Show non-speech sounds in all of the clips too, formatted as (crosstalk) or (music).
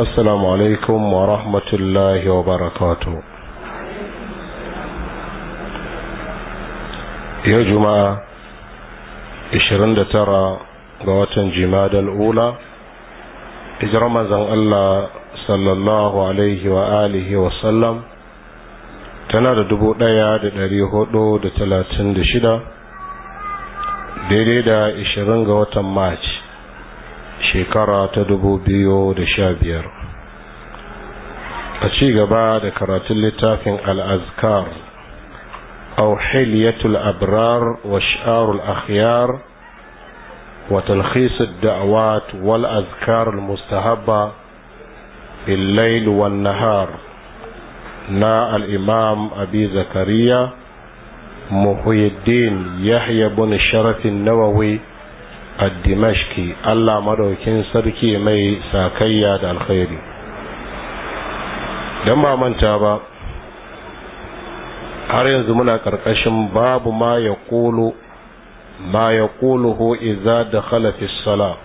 السلام عليكم ورحمة الله وبركاته يا جماعة إشرند ترى قوات جماد الأولى إجر رمضان الله صلى الله عليه وآله وسلم tana دبو dubu ɗaya da ɗari دشدا da talatin da ماجي shekara ta dubu biyu da sha biyar a ci gaba da karatun littafin al'azkar auhiliyatul abrar wa sha'arul akhyar wa talhisar da'awat wal azkar mustahabba بالليل والنهار na الإمام أبي abi zakariya الدين yahya بن الشرف النووي ad-dimashqi Allah madaukin sarki mai sakayya da alkhairi dan ba manta ba har yanzu muna ƙarƙashin babu ma ya kulu ma ya kuluhu iza da khalafis sala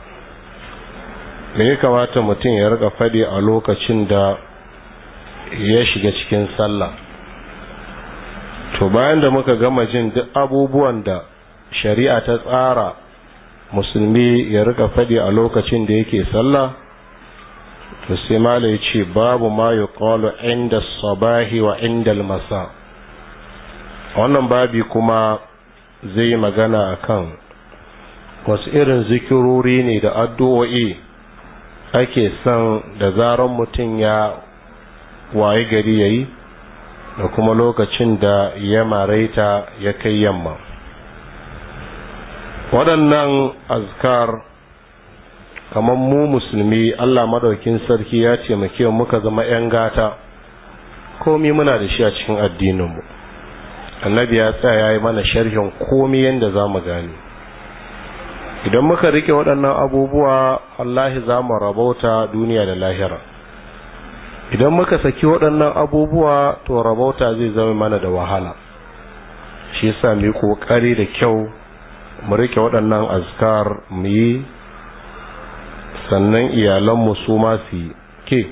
me ya kamata mutum ya rika faɗi a lokacin da ya shiga cikin sallah to bayan da muka gama jin duk abubuwan da shari'a ta tsara musulmi ya rika faɗi a lokacin da yake sallah to sai mala ya ce babu ma ya ƙwalo inda sabahi wa inda masa wannan babi kuma zai magana a kan wasu irin zikirori ne da addu'o'i ake son da zarar mutum ya waye gari ya yi da kuma lokacin da ya maraita ya kai yamma waɗannan azkar kamar mu musulmi allah maɗaukin sarki ya ce mu muka zama 'yan gata komi muna da shi a cikin addininmu annabi ya tsaya ya yi mana sharhin komi yadda za mu gani idan muka rike waɗannan abubuwa allahi za mu rabauta duniya da lahira idan muka saki waɗannan abubuwa to rabauta zai zama mana da wahala shi yasa mu yi ƙoƙari da kyau mu rike waɗannan azkar mu yi sannan iyalanmu su ma ke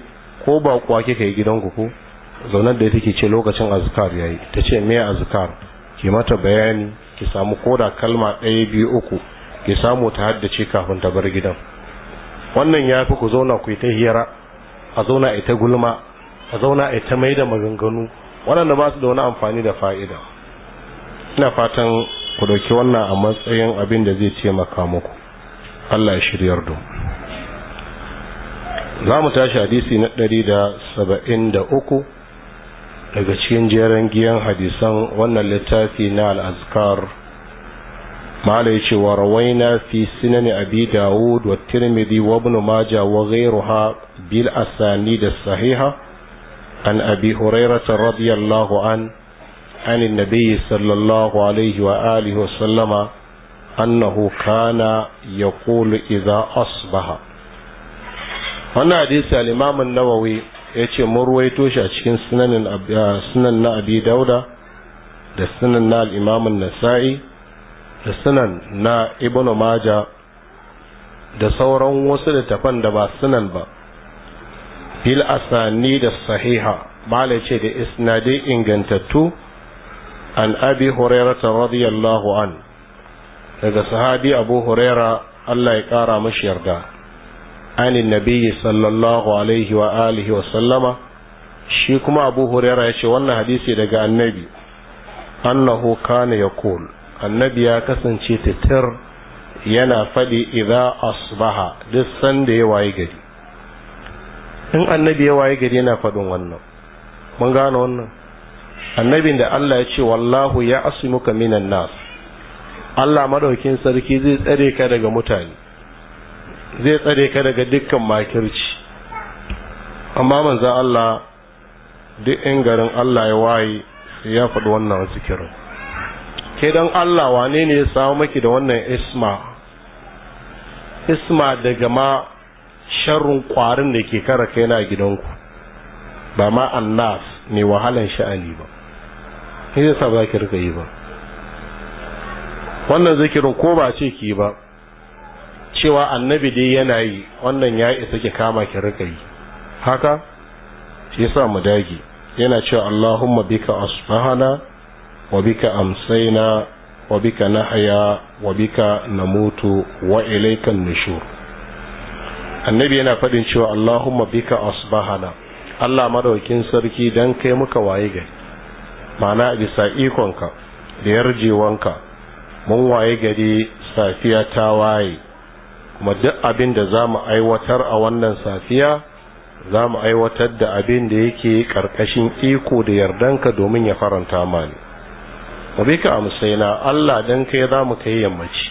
ko ba kuwa kika yi gidanku ko zaunar da take ce lokacin azkar yayi ta ce me azkar ki mata bayani ki samu koda kalma ɗaya biyu uku ki samu ta haddace kafin ta bar gidan wannan ya fi ku zauna ku yi ta hira a zauna a ta gulma a zauna a ta mai da maganganu waɗanda ba su da wani amfani da fa'ida ina fatan ku dauki wannan a matsayin abin da zai taimaka muku Allah ya shiryar da za mu tashi hadisi na ɗari da saba'in da uku daga cikin jeren giyan hadisan wannan littafi na al'azkar mala ya ce wa rawaina fi sinani abi dawud wa tirmidhi wa ibn majah wa ghayruha bil asani da sahiha an abi hurairah radiyallahu an عن النبي صلى الله عليه وآله وسلم أنه كان يقول إذا أصبح wannan hadisi الإمام النووي an مروي yace mun سنن shi a cikin sunanin sunan na abi dauda da sunan na al nasai da sunan na ibnu maja da sauran wasu littafan da ba sunan ba fil asani da sahiha mala ce da isnadai ingantattu an abi hurairata radiyallahu an daga sahabi abu huraira Allah ya kara mashi yarda an nabiyyi sallallahu alaihi wa alihi wa sallama shi kuma abu huraira ya ce wannan hadisi daga annabi annahu kana yaqul annabi ya kasance titir yana faɗi idza asbaha duk sanda ya waye gari in annabi ya waye gari yana faɗin wannan mun gane wannan annabin da Allah ya ce wallahu ya muka minan nas Allah madaukin sarki zai tsare ka daga mutane zai tsare ka daga dukkan makirci amma manzo Allah duk in garin Allah ya waye ya faɗi wannan zikirin ke dan Allah wane ne ya samu maki da wannan isma isma daga ma sharrin kwarin da ke kara kai na gidanku ba ma annas ne wahalan sha'ani ba kai yasa ba ki rika yi ba wannan zikirin ko ba ce ki ba cewa annabi dai yana yi wannan ya isa ki kama ki rika yi haka shi yasa mu dage yana cewa Allahumma bika asbahana wa bika amsayna wa bika nahya wa bika namutu wa ilayka nushur annabi yana faɗin cewa Allahumma bika asbahana Allah madaukin sarki dan kai muka waye gari mana bisa ikonka da yarjewanka mun waye gari safiya ta waye kuma duk abin da za mu aiwatar a wannan safiya za mu aiwatar da abin da yake ƙarƙashin iko da yardanka domin ya faranta mani wabi ka amsaina allah don kai za mu kai yammaci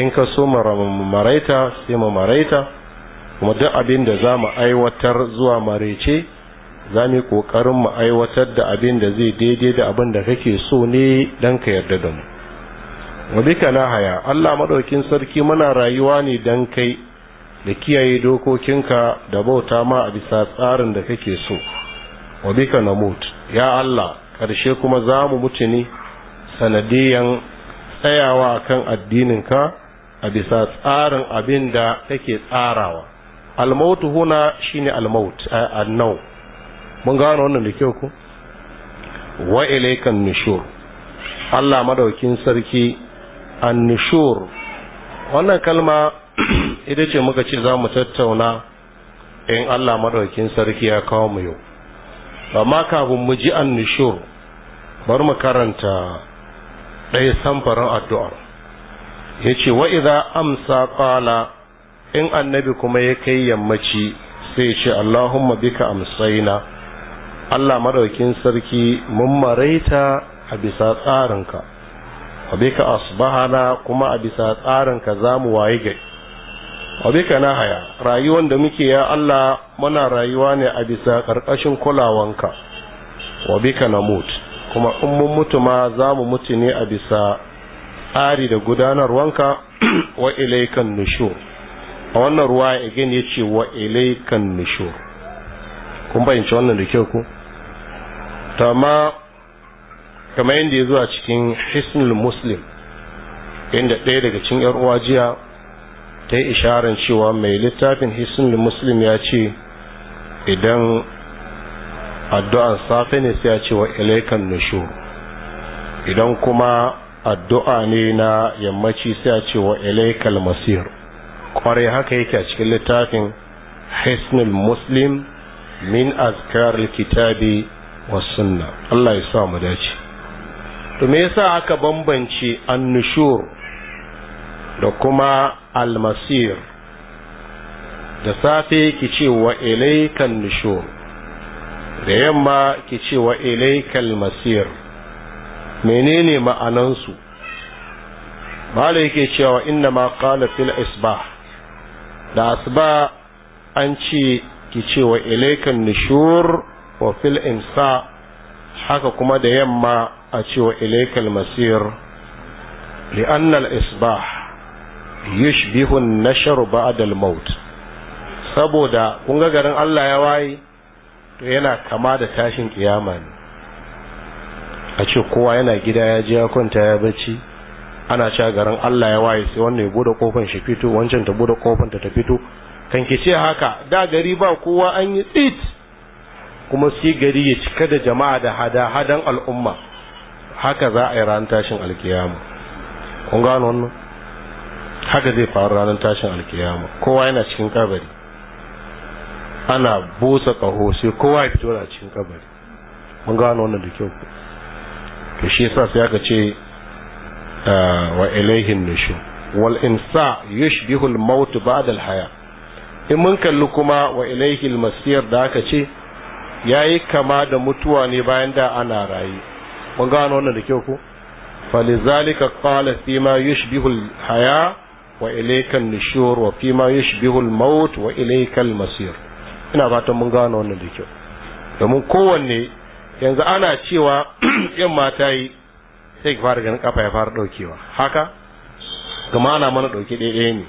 in ka so mu maraita sai mu maraita kuma duk abin da za mu aiwatar zuwa marece za mu yi ƙoƙarin mu aiwatar da abin da zai daidai da abin da kake so ne don ka yarda da mu wa bika na haya Allah maɗaukin sarki muna rayuwa ne dan kai da kiyaye dokokinka da bauta ma a bisa tsarin da kake so wa bika na mut ya Allah ƙarshe kuma za mu mutu ne sanadiyan tsayawa kan addininka a bisa tsarin abin da kake tsarawa almautu huna shine almaut eh, annau mun gano wannan da kyau ko wa ilaikan nushur Allah madaukin sarki an-nushur wannan kalma (clears throat) ita ce muka ce za mu tattauna in Allah madaukin sarki ya kawo mu yau amma kafin mu ji an-nushur bar mu karanta ɗaya samfarin addu'a ya ce wa idza amsa qala in annabi kuma ya kai yammaci sai ce allahumma bika amsaina Allah madaukin sarki mun maraita a bisa tsarinka wa bika asbahana kuma a bisa tsarinka zamu waye gari wa bika haya rayuwar da muke ya Allah muna rayuwa ne a bisa karkashin kulawanka wa bika mut, kuma in mun mutu ma zamu mutu ne a bisa tsari da gudanarwanka (clears throat) wa ilaikan nushur a wannan ruwa gani ya ce wa ilaikan nushur kun bayyance wannan da kyau ko tama kamar yadda ya zuwa cikin hisnul muslim inda ɗaya daga cikin yar uwa jiya ta yi isharar cewa mai littafin hisnul muslim ya ce idan addu'an safe ne sai ya ce wa ilaikan nushur idan kuma addu'a ne na yammaci sai ya ce wa ilaikal masir kwarai haka yake a cikin littafin hisnul muslim min azkar kitabi wasunna Allah ya sa mu dace to me yasa aka bambance annushur da kuma almasir da safe ki ce wa ilaikan nushur da yamma ki ce wa ilaikal masir menene ma'anansu bala yake cewa inna ma qala fil isbah da asba an ce ki ce wa ilaikan nushur wa fil imsa haka kuma da yamma a cewa ilaikal masir li'anna al-isbah yushbihu an-nashr ba'da al-maut saboda kun ga garin Allah ya waye to yana kama da tashin kiyama ne a ce kowa yana gida ya je ya kwanta ya bacci ana cewa garin Allah ya waye sai wannan ya bude kofar shi fito wancan ta bude kofar ta fito kan ki ce haka da gari ba kowa an yi tsit kuma sai gari ya cika da jama'a da hada-hadan al'umma haka za a yi ranar tashin alkiyama kun gano wannan haka zai faru ranar tashin alkiyama kowa yana cikin kabari ana busa kaho sai kowa ya fito da cikin kabari mun gano wannan da kyau to shi yasa sai aka ce ah, wa ilaihin nushu wal insa yushbihu al maut ba'da al haya in mun kalli kuma wa ilaihi al masir da aka ce ya yi kama da mutuwa ne bayan da ana rayu mun gano wannan da kyau ko falizalika qala ma yushbihu haya wa ilayka nushur wa ma yushbihu maut wa ilayka masir ina fatan mun gano wannan da kyau domin kowanne yanzu ana cewa (clears throat) yan mata yi sai ki fara ganin kafa ya fara daukewa haka gama ana mana dauke daidai ne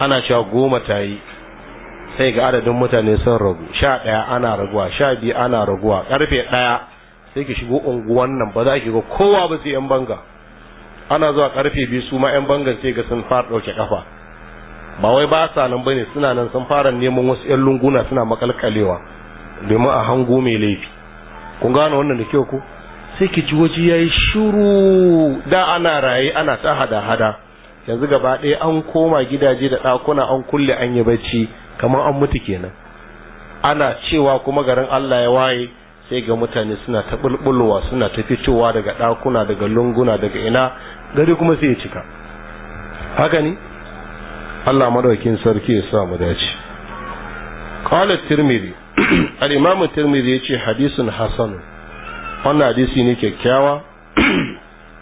ana cewa goma ta yi sai ga adadin mutane sun ragu sha ɗaya ana raguwa sha biyu ana raguwa ƙarfe ɗaya sai ki shigo unguwan nan ba za ki ga kowa ba sai yan banga ana zuwa ƙarfe biyu su ma yan bangan sai ga sun fara ɗauke kafa ba wai ba sa nan bane suna nan sun fara neman wasu yan lunguna suna makalkalewa domin a hango mai laifi kun gane wannan da kyau ko sai ki ji waje yayi shiru da ana raye ana ta hada hada yanzu gaba ɗaya an koma gidaje da ɗakuna an kulle an yi bacci kamar an mutu kenan ana cewa kuma garin Allah ya waye sai ga mutane suna ta bulbulwa suna ta fitowa daga ɗakuna daga lunguna daga ina gari kuma sai ya cika haka ne Allah madaukin sarki ya sa mu dace qala tirmidhi (clears throat) al-imam tirmidhi yace hadisun hasan wannan hadisi ne kyakkyawa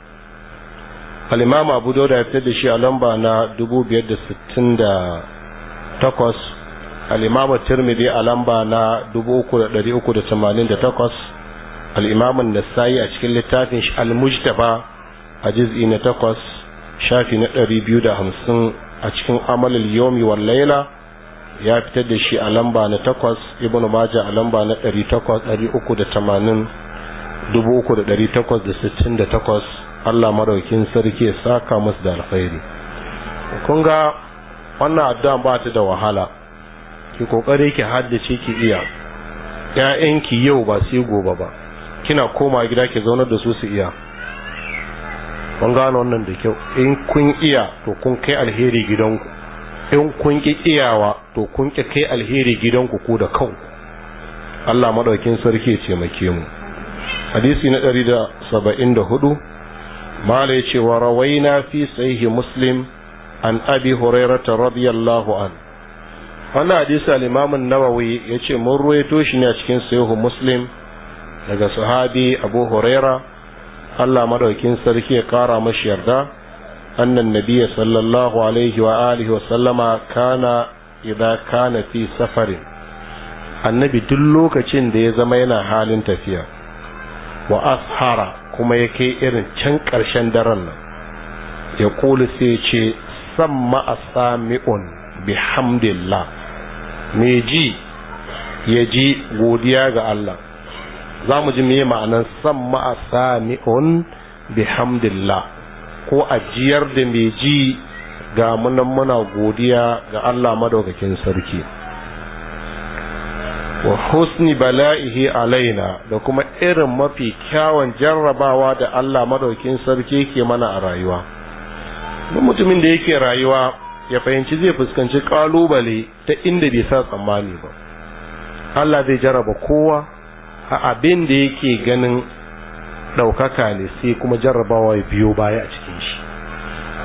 (clears throat) al-imam abu dawud ya fitar da shi a lamba na 568 الإمام الترمذي ألمبا نا دبوكو لديوكو دتمانين دتقص الإمام النسائي أشكل التافنش المجتبى أجزء نتقص شافي نتري بيودا همسن أشكل عمل اليوم والليلة ya fitar da shi a lamba na takwas ibn maja a lamba na ɗari takwas ɗari uku da tamanin dubu uku da ɗari takwas da sittin da takwas allah maraukin sarki ya saka masu da alkhairi kun wannan addu'a ba ta da wahala ki kokare ki haddace ki iya ƴaƴanki yau ba sai gobe ba kina koma gida ki zaunar da su su iya kun gane wannan da kyau in kun iya to kun kai alheri gidanku in kun ki iyawa to kun ki kai alheri gidanku ko da kanku Allah madaukin sarki ya taimake mu hadisi na 174 mala ce wa rawaina fi sahih muslim an abi hurairah radiyallahu anhu wannan hadisi al-imamun nawawi ya ce mun ruwaito shi ne a cikin sahihu muslim daga sahabi abu huraira allah madaukin sarki ya kara mashi yarda annan nabiya sallallahu alaihi wa alihi wa sallama kana idan kana fi safarin annabi duk lokacin da ya zama yana halin tafiya wa ashara kuma ya kai irin can ƙarshen daren nan ya kulu sai ce samma a sami'un bihamdillah mai ji ya ji godiya ga Allah za mu ji mai ma'anar san ma'a sami'un bihamdillah ko ajiyar da mai ji ga munan muna godiya ga Allah madaukakin sarki wa husni bala'ihi alaina da kuma irin mafi kyawun jarrabawa da Allah madaukakin sarki ke mana a rayuwa mutumin da yake rayuwa ya fahimci zai fuskanci kalubale ta inda bai sa tsammani ba Allah zai jaraba kowa a abin da yake ganin ɗaukaka ne sai kuma jarrabawa ya biyo baya a cikin shi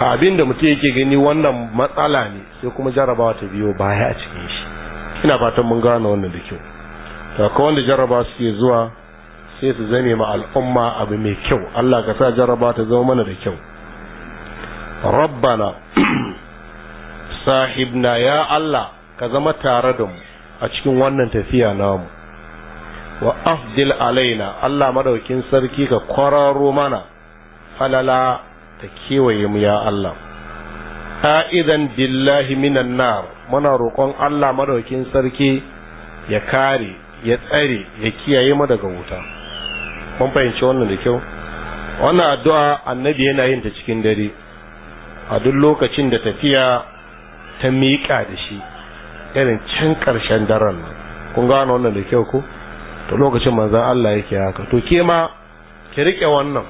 a abin da mutum yake gani wannan matsala ne sai kuma jarrabawa ta biyo baya a cikin shi ina fatan mun gane wannan da kyau to akwai wanda jarraba suke zuwa sai su zame ma al'umma abu mai kyau Allah ka sa jarraba ta zama mana da kyau rabbana (clears throat) sahibna ya Allah ka zama tare da mu a cikin wannan tafiya namu wa afdil alaina Allah madaukin sarki ka kwararo mana falala ta kewaye mu ya Allah idan billahi minan nar muna roƙon Allah madaukin sarki ya kare ya tsare ya kiyaye mu daga wuta mun fahimci wannan da kyau wannan addu'a annabi yana yin ta cikin dare a duk lokacin da tafiya ta miƙa da shi irin can karshen daren nan kun gano wannan da kyau ko to lokacin manzan Allah yake haka to ke ma ki rike wannan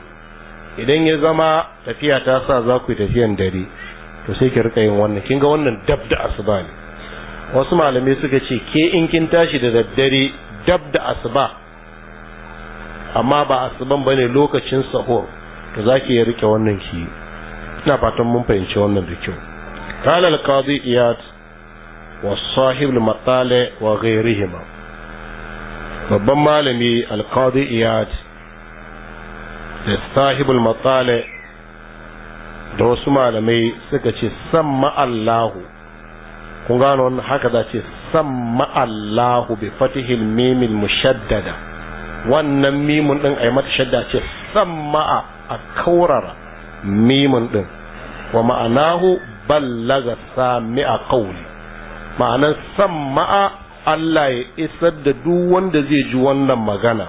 idan ya zama tafiya ta sa za ku yi tafiyan dare to sai ki rika yin wannan kin ga wannan dab da asuba ne wasu malamai suka ce ke in kin tashi da daddare dab da asuba amma ba asuban bane lokacin sahur to zaki ya riƙe wannan ki ina fatan mun fahimci wannan da kyau قال القاضي إياد والصاحب wa وغيرهما babban malami alkadi iyad da sahibul matsale da wasu malamai suka ce samma allahu kun gano wannan haka za ce samma allahu bi fatihil mimil mushaddada wannan mimun din a yi mata shadda ce samma a kaurara mimun din wa ma'anahu ballaga a kauli ma'anar san ma'a Allah ya isar da duk wanda zai ji wannan magana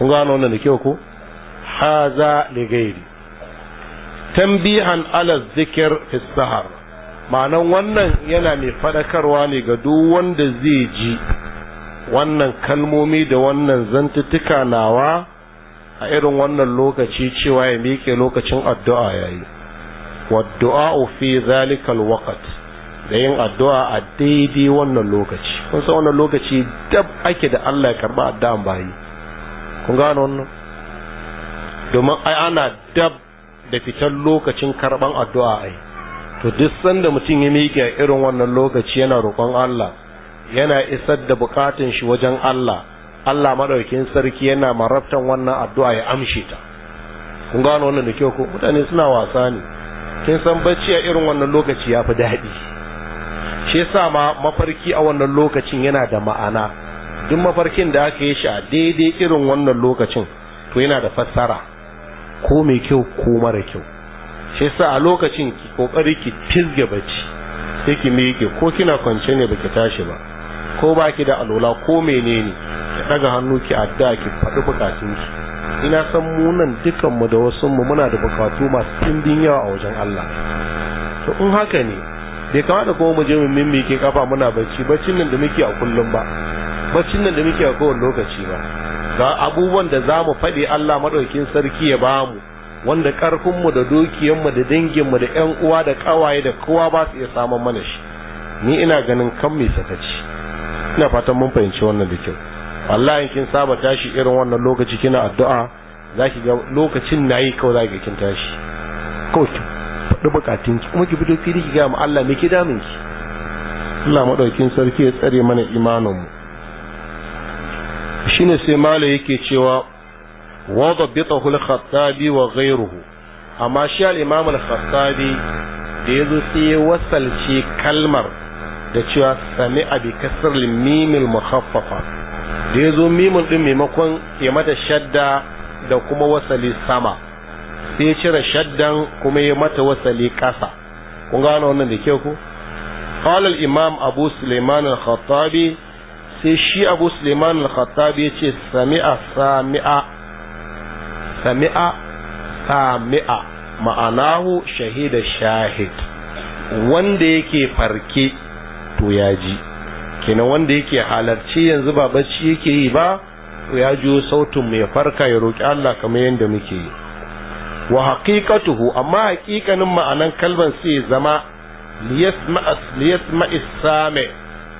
kun gano wannan da kyau ko haza li gairi tambihan ala zikir fi sahar ma'anar wannan yana mai fadakarwa ne ga duk wanda zai ji wannan kalmomi da wannan zantuttuka nawa a irin wannan lokaci cewa ya miƙe lokacin addu'a yayi wa du'a fi zalikal waqt da yin addu'a a daidai wannan lokaci kun san wannan lokaci dab ake da Allah ya karba addu'an bayi kun gano wannan domin ai ana dab da fitar lokacin karban addu'a ai to duk sanda mutum ya miƙe a irin wannan lokaci yana roƙon Allah yana isar da buƙatun shi wajen Allah Allah madaukin sarki yana marabtan wannan addu'a ya amshe ta kun gano wannan da kyau ko mutane suna wasa ne kin san bacci a irin wannan lokaci ya fi daɗi shi yasa ma mafarki a wannan lokacin yana da ma'ana duk mafarkin da aka yi shi a daidai irin wannan lokacin to yana da fassara ko mai kyau ko mara kyau shi yasa a lokacin ki kokari ki fizge bacci sai ki miƙe ko kina kwance ne baki tashi ba ko baki da alola ko menene ki daga hannu ki adda ki faɗi bukatun ki ina san mu nan dukan mu da wasu mu muna da bukatu masu dimbin yawa a wajen Allah to in haka ne bai kamata kuma mu je mu mimmike kafa muna bacci baccin nan da muke a kullum ba baccin nan da muke a kowane lokaci ba ga abubuwan da za mu faɗi Allah maɗaukin sarki ya bamu wanda ƙarfinmu da dukiyanmu da danginmu da ƴan uwa da kawaye da kowa ba su iya samun mana shi ni ina ganin kan mai sakaci ina fatan mun fahimci wannan da kyau wallahi kin saba tashi irin wannan lokaci kina addu'a zaki ga lokacin nayi kawai zaki kin tashi kawai faɗi bukatun ki kuma ki fito fili ki ga mu Allah me ke damun ki Allah madaukin sarki ya tsare mana imanin mu shine sai mala yake cewa wa dabbitahu al-khattabi wa ghayruhu amma shi al-imam al-khattabi da yazo sai ya wasalci kalmar da cewa sami abi kasr al al-mukhaffafa da yazo mimun din maimakon ya mata shadda da kuma wasali sama sai ya cire shaddan kuma ya mata wasali kasa kun gano wannan da kyau ko qala al imam abu sulaiman al khattabi sai shi abu sulaiman al khattabi ya ce sami'a sami'a sami'a sami'a ma'anahu shahida shahid wanda yake farke to ya ji kenan wanda yake halarci yanzu ba bacci yake yi ba to ya jiyo sautin mai farka ya roki Allah kamar yadda muke yi wa haqiqatuhu amma haqiqanin ma'anan kalban sai zama liyasma isame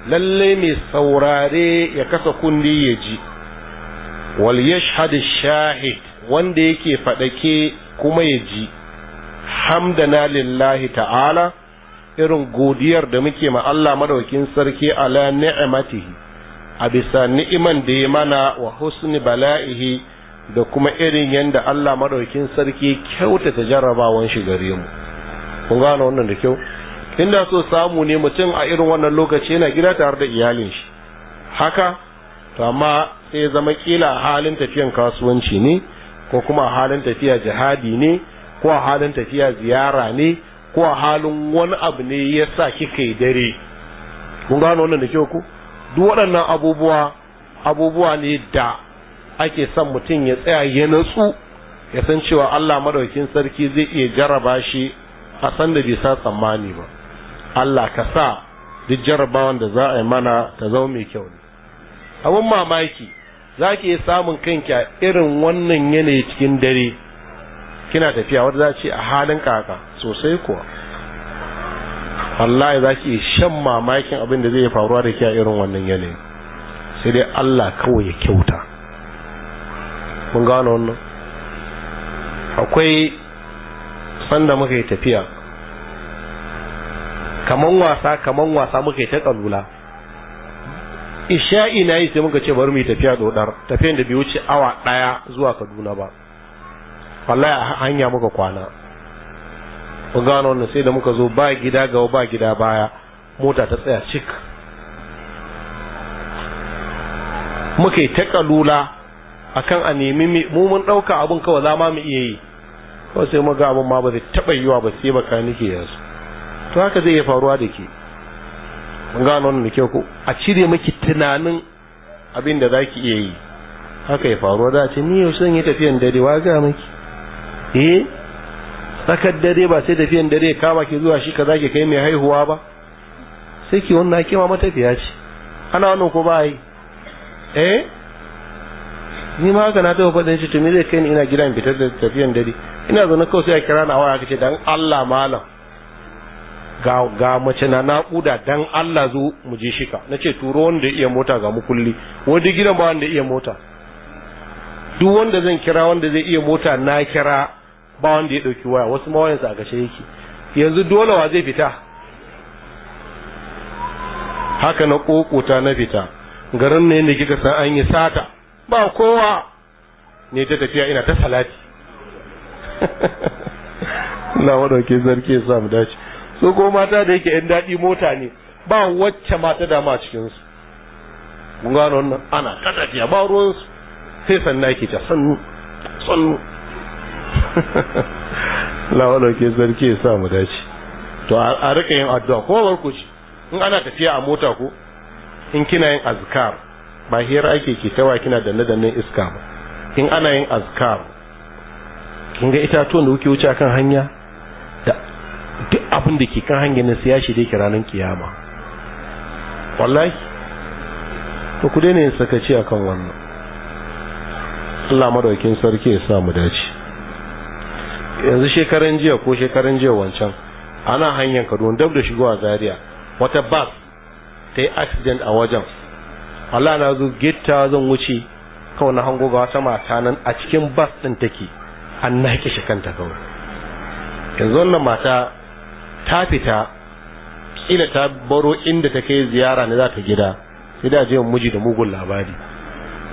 lalle mai saurare ya kasa kundi ya ji wal yashhad shahid wanda yake fadake kuma ya ji hamdana lillahi ta'ala irin godiyar da muke ma Allah madaukin sarki ala ni'matihi a bisa ni'iman da ya mana wa husni bala'ihi da kuma irin yadda Allah maɗaukin sarki kyautata jarrabawan shi gare mu kun gane wannan da kyau inda so samu ne mutum a irin wannan lokaci yana gida tare da iyalin shi haka to amma sai zama kila a halin tafiyan kasuwanci ne ko kuma a halin tafiya jihadi ne ko a halin tafiya ziyara ne ko a halin wani abu ne ya sa kika yi dare kun gano wannan da kyau ku duk waɗannan abubuwa abubuwa ne da ake son mutum ya tsaya ya natsu ya san cewa Allah madaukin sarki zai iya jarraba shi a san da bai sa tsammani ba Allah ka sa duk jarrabawan da za a yi mana ta zama mai kyau ne abin mamaki za ki iya samun kanki a irin wannan yanayi cikin dare kina tafiya wata za ce a halin kaka sosai kuwa Allah za ki shan mamakin abin da zai faruwa da ke a irin wannan yanayi sai dai Allah kawai ya kyauta mun gano wannan akwai sanda muka yi tafiya kaman wasa kaman wasa muka yi ta tsalula isha'i na yi sai muka ce bari mu yi tafiya dodar tafiyan da bai wuce awa daya zuwa kaduna ba wallahi a hanya muka kwana mun gano wannan sai da muka zo ba gida ga ba gida baya mota ta tsaya cik muka yi ta kalula akan a nemi mu mun ɗauka abin kawai za ma mu iya yi kawai sai ga abin ma ba zai taɓa yiwa ba sai baka nike ya su to haka zai iya faruwa da ke mun gano wannan da kyau ko a cire miki tunanin abin da zaki iya yi haka ya faruwa da ce ni yau sun yi tafiyan dare wa ga miki eh tsakar dare ba sai tafiyan dare ya kama ki zuwa shi ka zaki kai mai haihuwa ba sai ki wannan kima matafiya ce ana wannan ko ba yi eh ni ma haka na taɓa faɗin shi to me zai kai ni ina gidan fitar da tafiyan dare ina zaune kawai sai a kira na waya kace dan Allah malam ga ga mace na na kuda dan Allah zo mu je shika nace turo wanda iya mota ga mu kulli wanda gidan ba wanda iya mota duk wanda zan kira wanda zai iya mota na kira ba wanda ya dauki waya wasu ma wayansu a gashe yake yanzu dole wa zai fita haka na kokota na fita garin ne da kika san an yi sata ba kowa ne ta tafiya ina ta salati (laughs) Allah wadauke zarki ya samu dace So ko mata da yake yan daɗi mota ne ba wacce mata dama cikinsu kun gano wannan ana ta tafiya ba ruwansu sai sannan yake ta sannu sannu (laughs) Allah wadauke zarki ya samu dace to a rika yin addu'a ko barku in ana tafiya a mota ko in kina yin azkar ba hira ake ke tawa kina da danne iska ba in ana yin azkar kin ga itatuwan da kuke wuce kan hanya da duk abin da ke kan hanya na siyashi da ke ranar kiyama wallahi to ku daina yin sakaci akan wannan Allah madaukin sarki ya sa mu dace yanzu shekaran jiya ko shekaran jiya wancan ana hanyar Kaduna dab da shigowa Zaria wata bas ta yi accident a wajen Allah na zo getta zan wuce kawai na hango ga wata mata nan a cikin bas din take an na kishi kanta kawai yanzu wannan mata ta fita kila ta baro inda ta kai ziyara ne za ta gida sai da je miji da mugun labari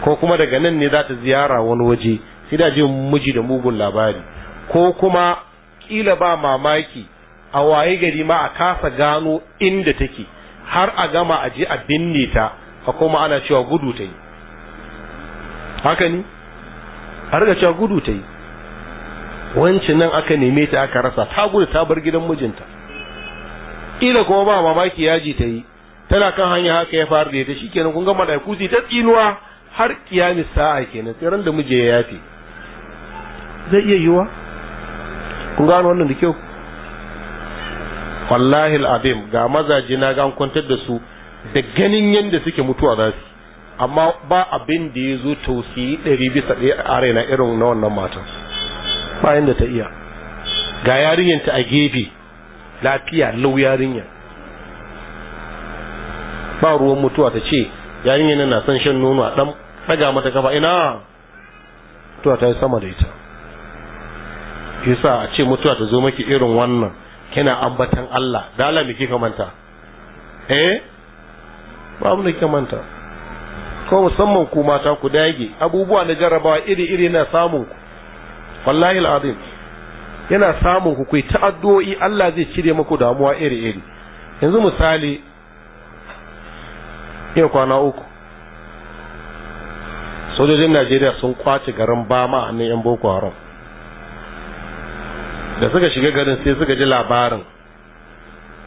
ko kuma daga nan ne za ta ziyara wani waje sai da je miji da mugun labari ko kuma kila ba mamaki a waye gari ma a kasa gano inda take har a gama a je a binne ta a koma ana cewa gudu ta yi haka ne a riga cewa gudu ta yi wancin nan aka neme ta aka rasa ta gudu ta bar gidan mijinta ila kuma ba mamaki yaji ta yi tana kan hanya haka ya fara da shi kenan kun da kuzi ta tsinuwa har kiyamis sa'a kenan sai ran da mije ya yafe zai iya yiwa kun gano wannan da kyau wallahi al'adim ga mazaje na ga an kwantar da su da ganin yadda suke mutuwa za su amma ba abin da ya zo tausayi ɗari bisa ɗaya a raina irin na wannan matan bayan da ta iya ga yarinyanta a gefe lafiya lau yarinya ba ruwan mutuwa ta ce yarinyar na son shan nono a ɗan ɗaga mata kafa ina mutuwa ta yi sama da ita yasa a ce mutuwa ta zo maki irin wannan kina ambatan Allah da Allah me kika manta eh ba abin da kika manta ko musamman ku mata ku dage abubuwa na jarabawa iri-iri na samun ku wallahi al'azim yana samun ku kai addu'o'i Allah zai cire muku damuwa iri-iri yanzu misali yau kwana uku sojojin Najeriya sun kwace garin Bama a yan Boko Haram da suka shiga garin sai suka ji labarin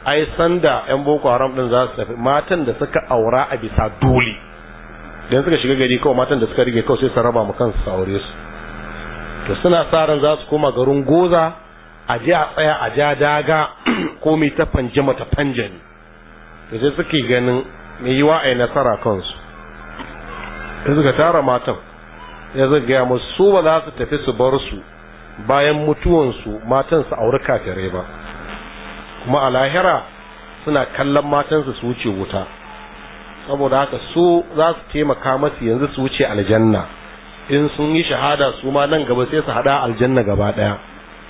ai sanda yan boko haram ɗin za su tafi matan da suka aura a bisa dole idan suka shiga gari kawai matan da suka rige kawai sai su raba mu kansu su aure su to suna sa ran za su koma garin goza a je a tsaya a ja daga (clears throat) ko mai ta fanje mata ne to sai suke ganin me yi ai nasara kansu sai suka tara matan ya gaya musu su ba za su tafi su bar su bayan mutuwansu matan su aure kafirai ba kuma a lahira suna kallon matansu su wuce wuta saboda haka su za su taimaka masu yanzu su wuce aljanna in sun yi shahada su ma nan gaba sai su hada aljanna gaba daya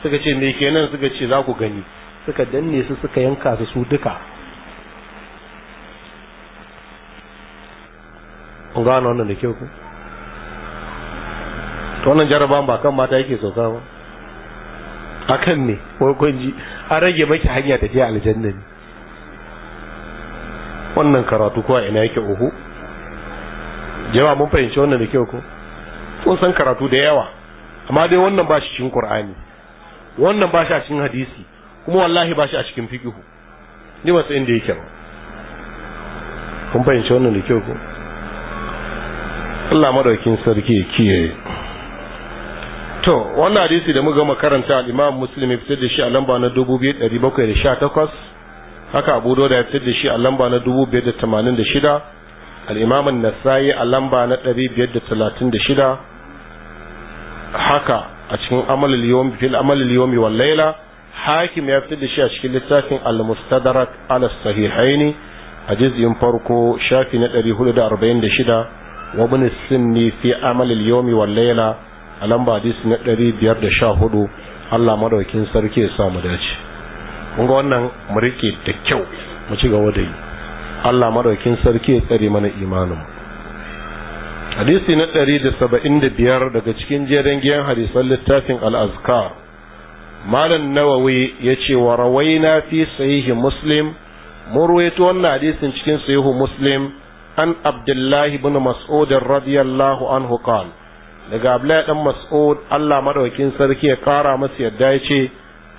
suka ce me kenan suka ce za ku gani suka danne su suka yanka su su duka kun gano wannan da kyau ku to wannan jarabawan ba kan mata yake sauka ba akan ne wakonji ji an rage maki hanya tafiya aljanna ne wannan karatu kuwa ina yake uku jawa mun fahimci wannan da kyau ko sun san karatu da yawa amma dai wannan ba shi cikin qur'ani wannan ba shi a cikin hadisi kuma wallahi ba shi a cikin fiqhu ni ba sai inda yake ba kun fahimci wannan da kyau ko Allah madaukin sarki ya kiyaye to wannan hadisi da muka makaranta al-Imam Muslim ya fitar da shi a lamba na 2718 haka Abu Dawud ya fitar da shi a lamba na 2586 al-Imam An-Nasa'i a lamba na 536 haka a cikin amalul yawm fil amalul layla hakim ya fitar da shi a cikin littafin al-Mustadrak ala sahihaini a juz'in farko shafi na 446 wa bin sunni fi amalul yawm wal layla a lamba hadisi na ɗari biyar da sha hudu allah madaukin sarki ya sa mu dace kun ga wannan mu rike da kyau mu ci gaba da yi allah madaukin sarki ya tsare mana imanin hadisi na ɗari da saba'in da biyar daga cikin jerin giyan hadisan littafin al'azkar malam nawawi ya ce wa rawaina fi sahihi muslim mun ruwaito wannan hadisin cikin sahihu muslim an abdullahi ibn mas'ud radiyallahu anhu qala daga abdullahi dan mas'ud Allah madaukin sarki ya kara masa yadda ya ce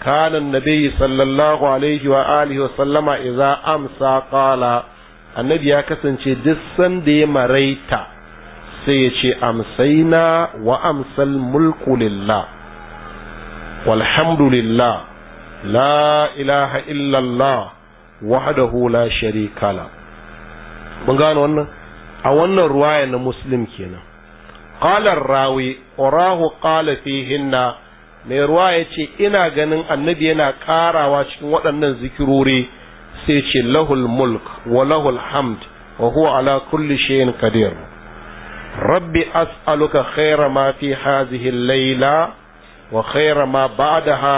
kana annabi sallallahu alaihi wa alihi wa sallama idza amsa qala annabi ya kasance duk sanda ya maraita sai ya ce amsaina wa amsal mulku lillah walhamdulillah la ilaha illallah wahdahu la sharika la mun gano wannan a wannan ruwaya na muslim kenan qala rawi urahu qala fihinna mai ruwa ya ce ina ganin annabi yana karawa cikin waɗannan zikirori sai ce lahul mulk wa lahul hamd wa huwa ala kulli shay'in qadir rabbi as'aluka khaira ma fi hadhihi layla wa khaira ma ba'daha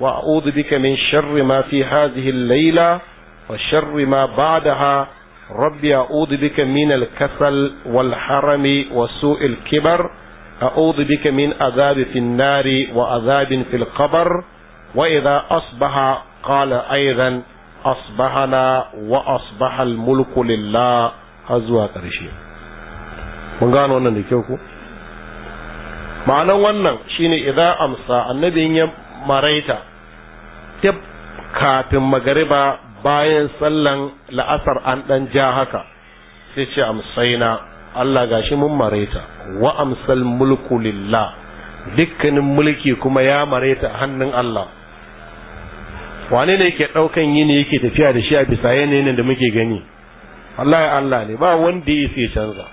wa a'udhu bika min sharri ma fi hadhihi layla wa sharri ma ba'daha rabbi a'udhu bika min al-kasal wal harami wa su'il kibar a'udhu bika min azabi finnari wa azabin fil qabr wa idha asbaha qala aidan asbahana wa asbaha mulku lillah har zuwa ƙarshe mun gano wannan da kyau ko ma'anan wannan shine idan amsa annabin ya maraita tab kafin magariba bayan sallan la'asar an dan ja haka sai ce amsaina Allah gashi mun mareta wa amsal mulku lillah dukkanin mulki kuma ya mareta hannun Allah wane ne yake daukan yini yake tafiya da shi a bisa yanayin da muke gani Allah ya Allah ne ba wanda ya sai canza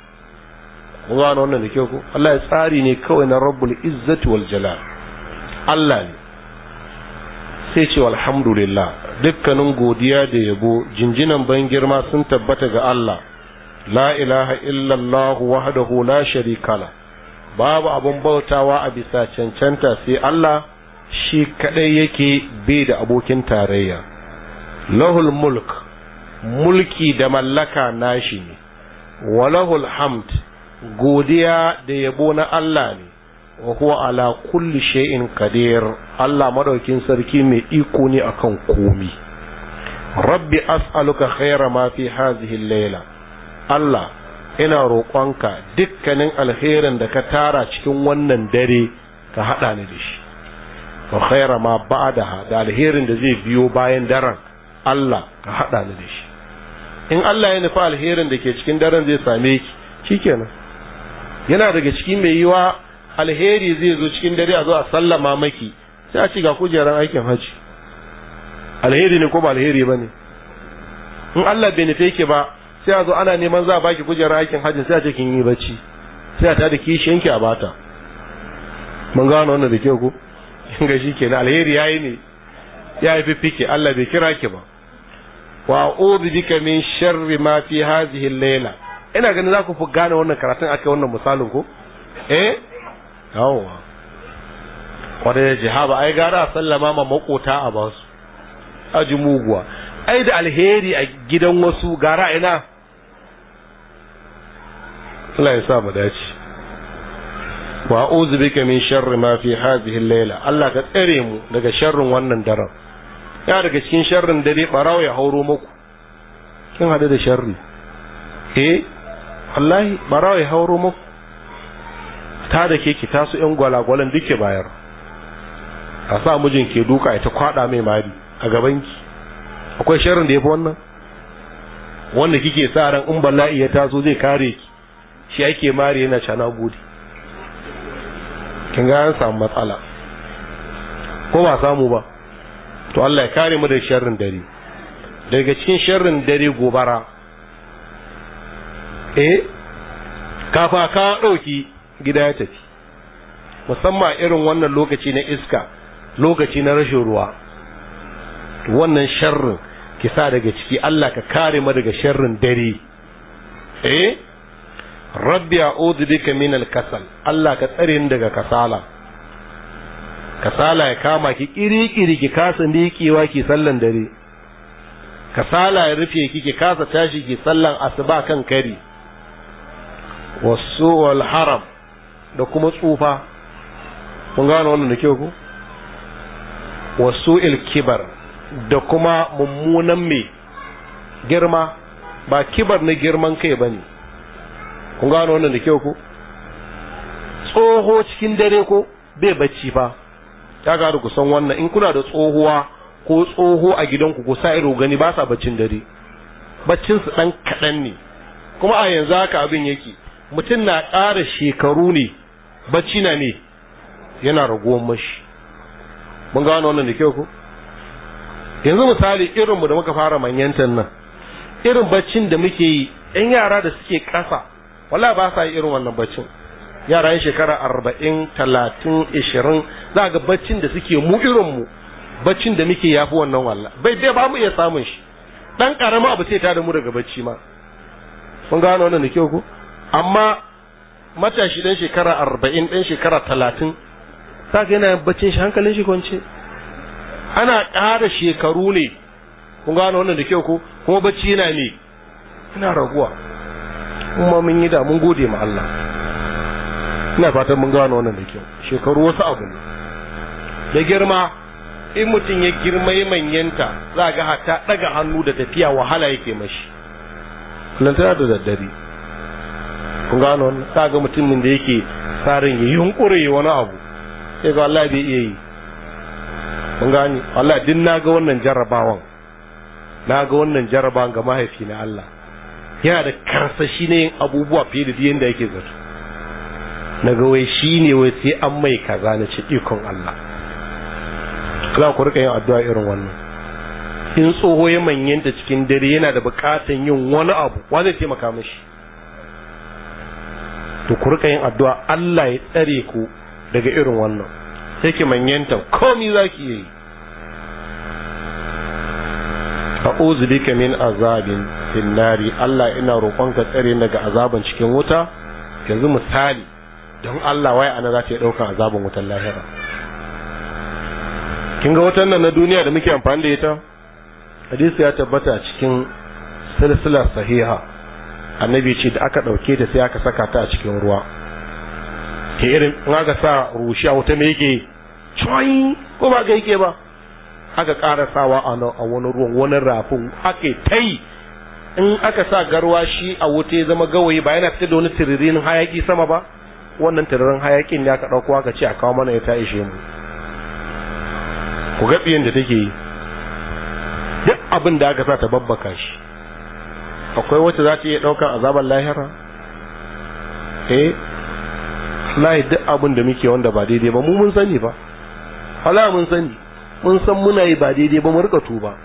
kun wannan da kyau ko Allah ya tsari ne kawai na rabbul izzati wal jalal Allah ne sai ce alhamdulillah dukkanin godiya da yabo jinjinan ban girma sun tabbata ga Allah la ilaha illallah wahdahu la sharika la babu abun bautawa a bisa cancanta sai Allah shi kadai yake bai da abokin tarayya lahul mulk mulki da mallaka nashi ne wa lahul hamd godiya da yabo na Allah ne wa huwa ala kulli shay'in qadir Allah madaukin sarki mai iko ne akan komi rabbi as'aluka khaira ma fi hadhihi al Layla. Allah ina roƙonka dukkanin alherin da ka tara cikin wannan dare ka hada ni da shi wa khaira ma ba'daha da alherin da zai biyo bayan daren Allah ka hada ni da shi in Allah ya nufi alherin da ke cikin daren zai same ki shikenan yana daga ciki mai yiwa alheri zai zo cikin dare a zo a sallama maki sai a ci ga kujeran aikin haji alheri ne ko ba alheri ba ne in Allah bai nufe ki ba sai a zo ana neman za a baki kujeran aikin haji sai a ce kin yi bacci sai a ta da kishiyanki a bata mun gano wannan da kyau ko kin ga shi kenan alheri yayi ne ya yi fiffike Allah bai kira ki ba wa a'udhu bika min sharri ma fi hadhihi al-layla ina ganin za ku fi gane wannan karatun akai wannan misalin ko eh yawwa kwarai da jihaba ai gara sallama ma makota a basu aji muguwa ai da alheri a gidan wasu gara ina Allah ya sa mu dace wa a'udhu bika min sharri ma fi hadhihi al-layla Allah ka tsare mu daga sharrin wannan daren ya daga cikin sharrin dare barau ya hauro muku kin hadu da sharri eh wallahi barau ya hauro muku ta da ke ta su yan gwalagwalan duke bayar a sa mijin ke duka ya ta kwada mai mari a gaban ki akwai sharrin da ya fi wannan wanda kike sa ran in bala'i ya taso zai kare ki shi ake mari yana cana gode kin ga an samu matsala ko ba samu ba to Allah ya kare mu da sharrin dare daga cikin sharrin dare gobara eh kafa ka dauki gida ya tafi musamman irin wannan lokaci na iska lokaci na rashin ruwa wannan sharrin ki sa daga ciki Allah ka kare mu daga sharrin dare eh rabbi a'udhu bika min al-kasal Allah ka tsare ni daga kasala kasala ya kama ki kiri-kiri ki kasa miƙewa ki sallan dare kasala ya rufe ki ki kasa tashi ki sallan asuba kan kari wasu wal haram da kuma tsufa mun gano wannan da kyau ku wasu kibar da kuma mummunan mai girma ba kibar na girman kai ba ne kun gano wannan da kyau ku tsoho cikin dare ko bai bacci ba ya gari ku san wannan in kuna da tsohuwa ko tsoho a gidanku ku sa ido gani ba sa baccin dare baccinsu ɗan kaɗan ne kuma a yanzu haka abin yake mutum na ƙara shekaru ne bacci na ne yana raguwar mashi mun ga wannan da kyau ko yanzu misali irinmu da muka fara manyantan nan irin baccin da muke yi yan yara da suke ƙasa wala ba sa yi irin wannan baccin yara yin shekara arba'in talatin ishirin za ga baccin da suke mu irinmu baccin da muke yafi wannan walla bai bai ba mu iya samun shi dan karama abu sai ta da mu daga bacci ma kun gano wannan da kyau ko amma matashi dan shekara arba'in dan shekara talatin ta ka yana baccin shi hankalin shi kwance ana ƙara shekaru ne kun gano wannan da kyau ko kuma bacci yana ne Ina raguwa kuma mun yi da mun gode ma Allah ina fatan mun gano wannan da kyau shekaru wasu abu ne da girma in mutum ya girma ya manyanta za ga hata daga hannu da tafiya wahala yake mashi lantana da daddare kun gano wannan ka ga mutumin da yake tsarin ya yunkure wani abu sai ga Allah bai iya yi kun gani Allah din na ga wannan jarrabawan na ga wannan jarrabawan ga mahaifi na Allah yana da karsashi ne yin abubuwa fiye da yadda yake zato na ga wai shi ne wai sai an mai kaza na ci ikon Allah za ku rika yin addu'a irin wannan in tsoho ya manyanta cikin dare yana da bukatan yin wani abu wa zai taimaka mashi to ku rika yin addu'a Allah ya tsare ku daga irin wannan sai ki manyanta komi za ki yi a'udhu bika min azabin finnari Allah ina roƙonka tsare daga azaban cikin wuta yanzu misali don Allah waya ana za ta yi ɗaukar azabin wutar lahira kin ga wutan nan na duniya da muke amfani da ita hadisi ya tabbata cikin silsila sahiha annabi ce da aka ɗauke ta sai aka saka ta a cikin ruwa ke irin in aka sa rushi a wuta mai yake coyi ko ba ga yake ba aka ƙara sawa a wani ruwan wani rafin aka ta yi in aka sa garwa shi a wuta ya zama gawayi ba yana fitar da wani tiririn hayaki sama ba wannan tiririn hayakin ne aka ɗauko aka ce a kawo mana ya ta ishe mu ku ga da take yi duk abin da aka sa ta babbaka shi akwai wacce za ta iya ɗaukar azabar lahira eh lahi duk abin da muke wanda ba daidai ba mu mun sani ba hala mun sani mun san muna yi ba daidai ba mu rika tuba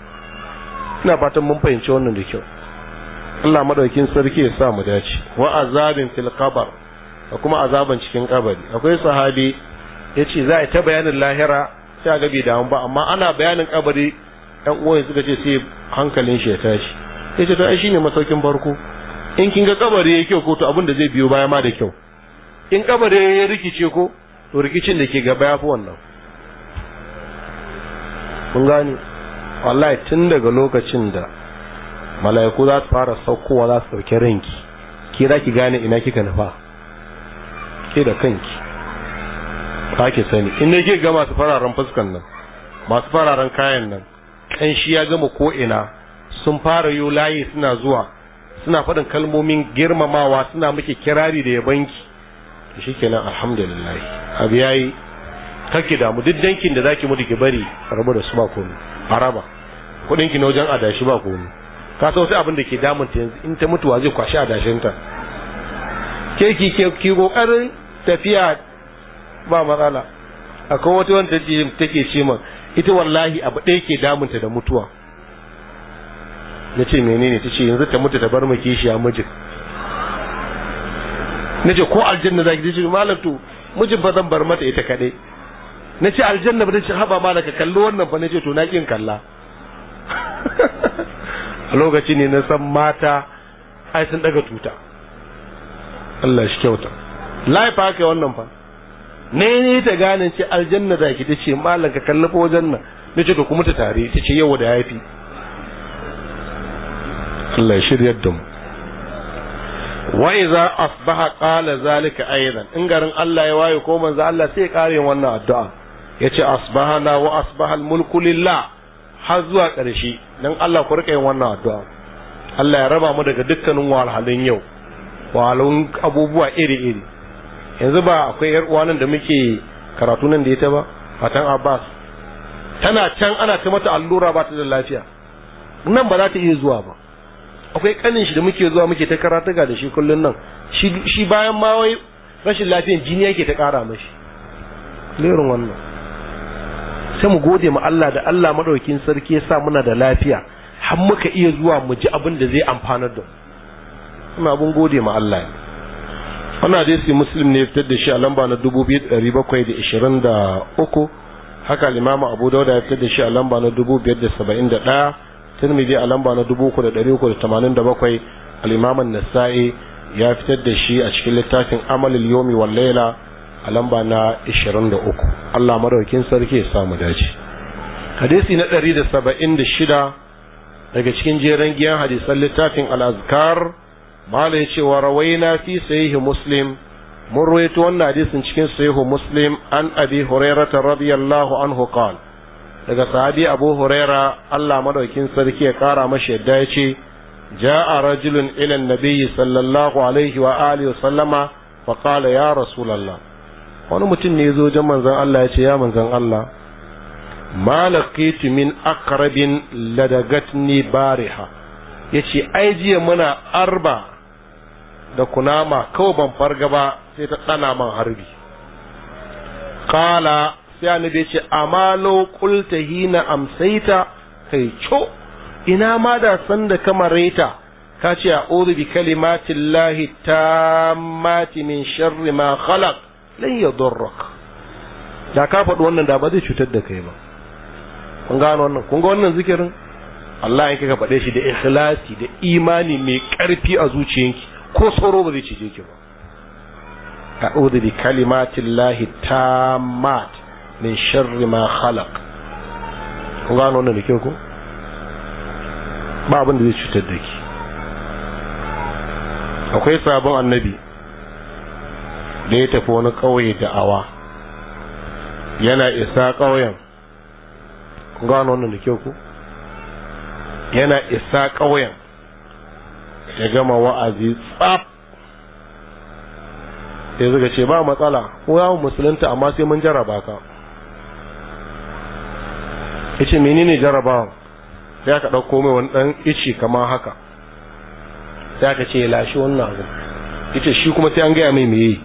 ina fatan mun fahimci wannan da kyau Allah madaukin sarki ya sa mu dace wa azabin fil qabr da kuma azaban cikin kabari akwai sahabi yace za a ta bayanin lahira sai ga bai damu ba amma ana bayanin kabari ɗan uwan suka ce sai hankalin shi ya tashi ya ce to ai shine masaukin barko in kin ga kabari yayi kyau ko to abin da zai biyo baya ma da kyau in kabari ya rikice ko to rikicin da ke gaba ya fi wannan kun gani wallahi tun daga lokacin da mala'iku za su fara saukowa za su sauke ranki ke za ki gane ina kika nufa ke da kanki ba ki sani in ne ke ga masu fararen fuskan nan masu fararen kayan nan kanshi ya gama ko ina sun fara yi layi suna zuwa suna faɗin kalmomin girmamawa suna muke kirari da yabanki shi kenan alhamdulillah abu yayi kake damu duk dankin da zaki mutu ki bari rabu da su ba komai araba kudin ki na wajen adashi ba komai ka san wasu abin da ke damun ta yanzu in ta mutuwa zai kwashi adashin ta ke ki ke ki kokarin tafiya ba matsala akwai wata wanda take ce min ita wallahi abu ɗaya ke damunta da mutuwa na ce menene ta ce yanzu ta mutu ta bar maki shi a mijin na ce ko aljanna za ki ce malam to mijin ba zan bar mata ita kaɗai na ce aljanna ba ta ce haba daga kalli wannan ba na ce to na ƙin kalla (laughs) a lokaci ne na san mata ai sun daga tuta Allah shi kyauta laifa haka wannan fa ne ne ta gane ce aljanna za ki ta ce malaka kalli ko wajen nan na ce to kuma ta tare ta ce yau da haifi Allah shiryar da mu wa idza asbaha qala zalika aidan in garin Allah ya waye ko manzo Allah sai kare wannan addu'a yace na wa asbaha mulku lillah har zuwa ƙarshe dan Allah ku rika yin wannan addu'a Allah ya raba mu daga dukkanin wahalhalun yau wahalun abubuwa iri-iri yanzu ba akwai yar uwanan da muke karatu nan da ita ba fatan Abbas tana can ana ta mata allura ba ta da lafiya nan ba za ta iya zuwa ba akwai kanin shi da muke zuwa muke ta karataga da shi kullun nan shi bayan ma wai rashin lafiyan jini yake ta kara mashi lerin wannan sai mu gode ma Allah da Allah madaukin sarki ya sa muna da lafiya har muka iya zuwa mu ji abin da zai amfana da mu abun gode ma Allah ne wannan sai muslim ne fitar da shi a lamba na 2723 haka limamu abu dauda ya fitar da shi a lamba na 2571 tirmidhi a lamba na 3387 al-imam an-nasa'i ya fitar da shi a cikin littafin amalul yomi wal laila a lamba na 23 Allah madaukin sarki ya samu dace hadisi na 176 daga cikin jeran giyan hadisan littafin al-azkar mala ya ce wa rawaina fi sahihi muslim mun ruwaito wannan hadisin cikin sahihu muslim an abi hurairata radiyallahu anhu qala daga sahabi abu huraira allah madaukin sarki ya kara mashi yadda ya ce ja'a rajulun ila nabiyyi sallallahu alaihi wa alihi wa sallama fa qala ya rasulullah wani mutum ne zo jan manzon allah ya ce ya manzon allah ma laqitu min aqrabin ladagatni bariha yace ai jiya muna arba da kunama kawai ban farga ba sai ta tsana man harbi Kala. sai annabi amma ce amalo qulta hina amsaita kai co ina ma da san da kamareta ka ce a uzu bi kalimatin lahi mati min sharri ma khalaq lan yadurruk da ka faɗi wannan da ba zai cutar da kai ba kun gano wannan kun ga wannan zikirin Allah in kika faɗe shi da ikhlasi da imani mai ƙarfi a zuciyanki ko tsoro ba zai cije ki ba a'udhu bi kalimatin lahi tammat min sharri ma khalaq ku gano wannan da kyau ko ba abin da zai cutar da ki akwai sabon annabi da ya tafi wani ƙauye da awa yana isa ƙauyen ku gano wannan da kyau ko yana isa ƙauyen ya gama wa'azi tsaf ya zuga ce ba matsala ko yawon musulunta amma sai mun jarraba ka ya ce menene jarabawa sai aka ɗauko mai wani ɗan ice kama haka sai aka ce ya lashe wannan abu ita shi kuma sai an gaya mai meye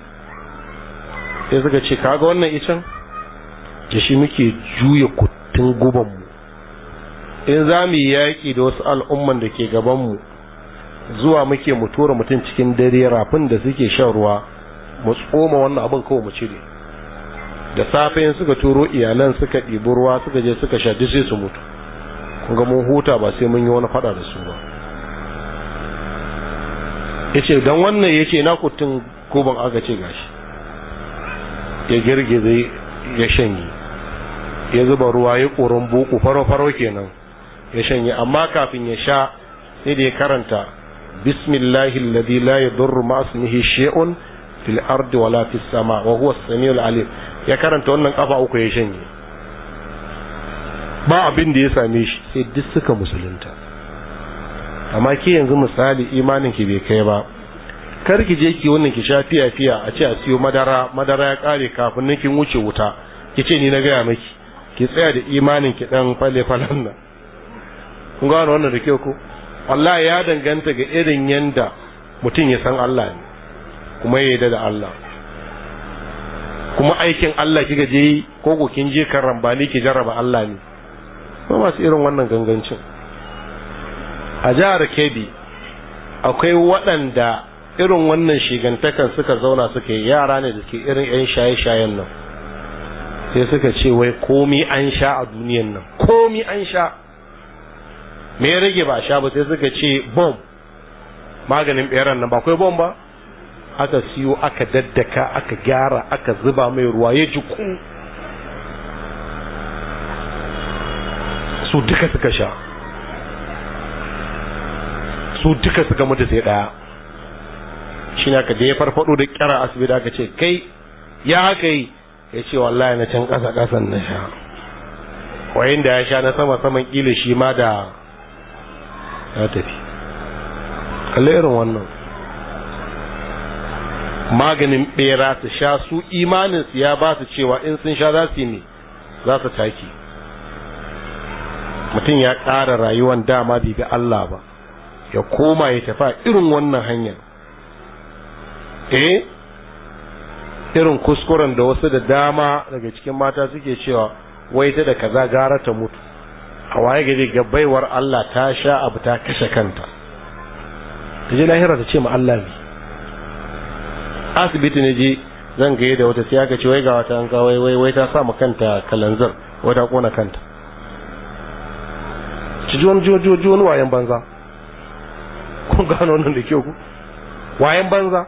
sai suka ce kaga wannan icen da shi muke juya kuttun gubanmu in za mu yi yaƙi da wasu al'umman da ke gabanmu zuwa muke mu tura mutum cikin dare rafin da suke shan ruwa mu tsoma wannan abin kawai mu cire da safe suka turo iyalan suka ɗibi ruwa suka je suka sha sai su mutu kun mun huta ba sai mun yi wani fada da su ba Ya ce don wannan ya ce na kutun koban aka ce gashi ya girgize ya shanyi ya zuba ruwa ya ƙorin buku faro-faro kenan ya shanyi amma kafin ya sha sai da ya karanta bismillahi ladi la yadurru ma ismihi shay'un fil ardi wala fis sama wa huwa samiul alim ya karanta wannan kafa uku ya shanye ba abin da ya same shi sai duk suka musulunta amma ke yanzu misali imanin ki bai kai ba kar ki je ki wannan ki sha fiya fiya a ce a siyo madara madara ya kare kafin nan kin wuce wuta ki ce ni na gaya miki ki tsaya da imanin ki dan fale falan nan kun ga wannan da kyau ko wallahi ya danganta ga irin yanda mutum ya san Allah ne kuma ya yarda da Allah kuma aikin Allah kika je yi ko ko kin je kan rambani ki jarraba Allah ne ba masu irin wannan gangancin a jihar Kebbi akwai waɗanda irin wannan shigantakan suka zauna suka yi yara ne da ke irin 'yan shaye-shayen nan sai suka ce wai komi an sha a duniyan nan komi an sha me rage ba sha ba sai suka ce bom maganin ɓeran nan ba akwai bom ba aka siyo aka daddaka aka gyara aka zuba mai ruwa ya ku su duka suka sha su duka suka mutu sai daya shi na da ya farfado da kyara asibiti aka ce kai ya haka yi ya ce wallahi na can ƙasa ƙasan na sha wayin da ya sha na sama saman kila shi ma da ya tafi Kalle irin wannan maganin bera su sha su imanin su ya ba su cewa in sun sha za su yi za su taki mutum ya ƙara rayuwan dama bai Allah ba ya koma ya tafi irin wannan hanyar eh irin kuskuren da wasu da dama daga cikin mata suke cewa wai ta da kaza gara ta mutu a waye gari ga baiwar Allah ta sha abu ta kashe kanta ta je lahira ta ce ma Allah ne asibiti ne je zan gaye da wata siya aka ce wai ga wata an ga wai wai ta sa kanta kalanzir wai ta kona kanta ci jiwon jiwon wayan banza kun gano nan da kyau ku wayan banza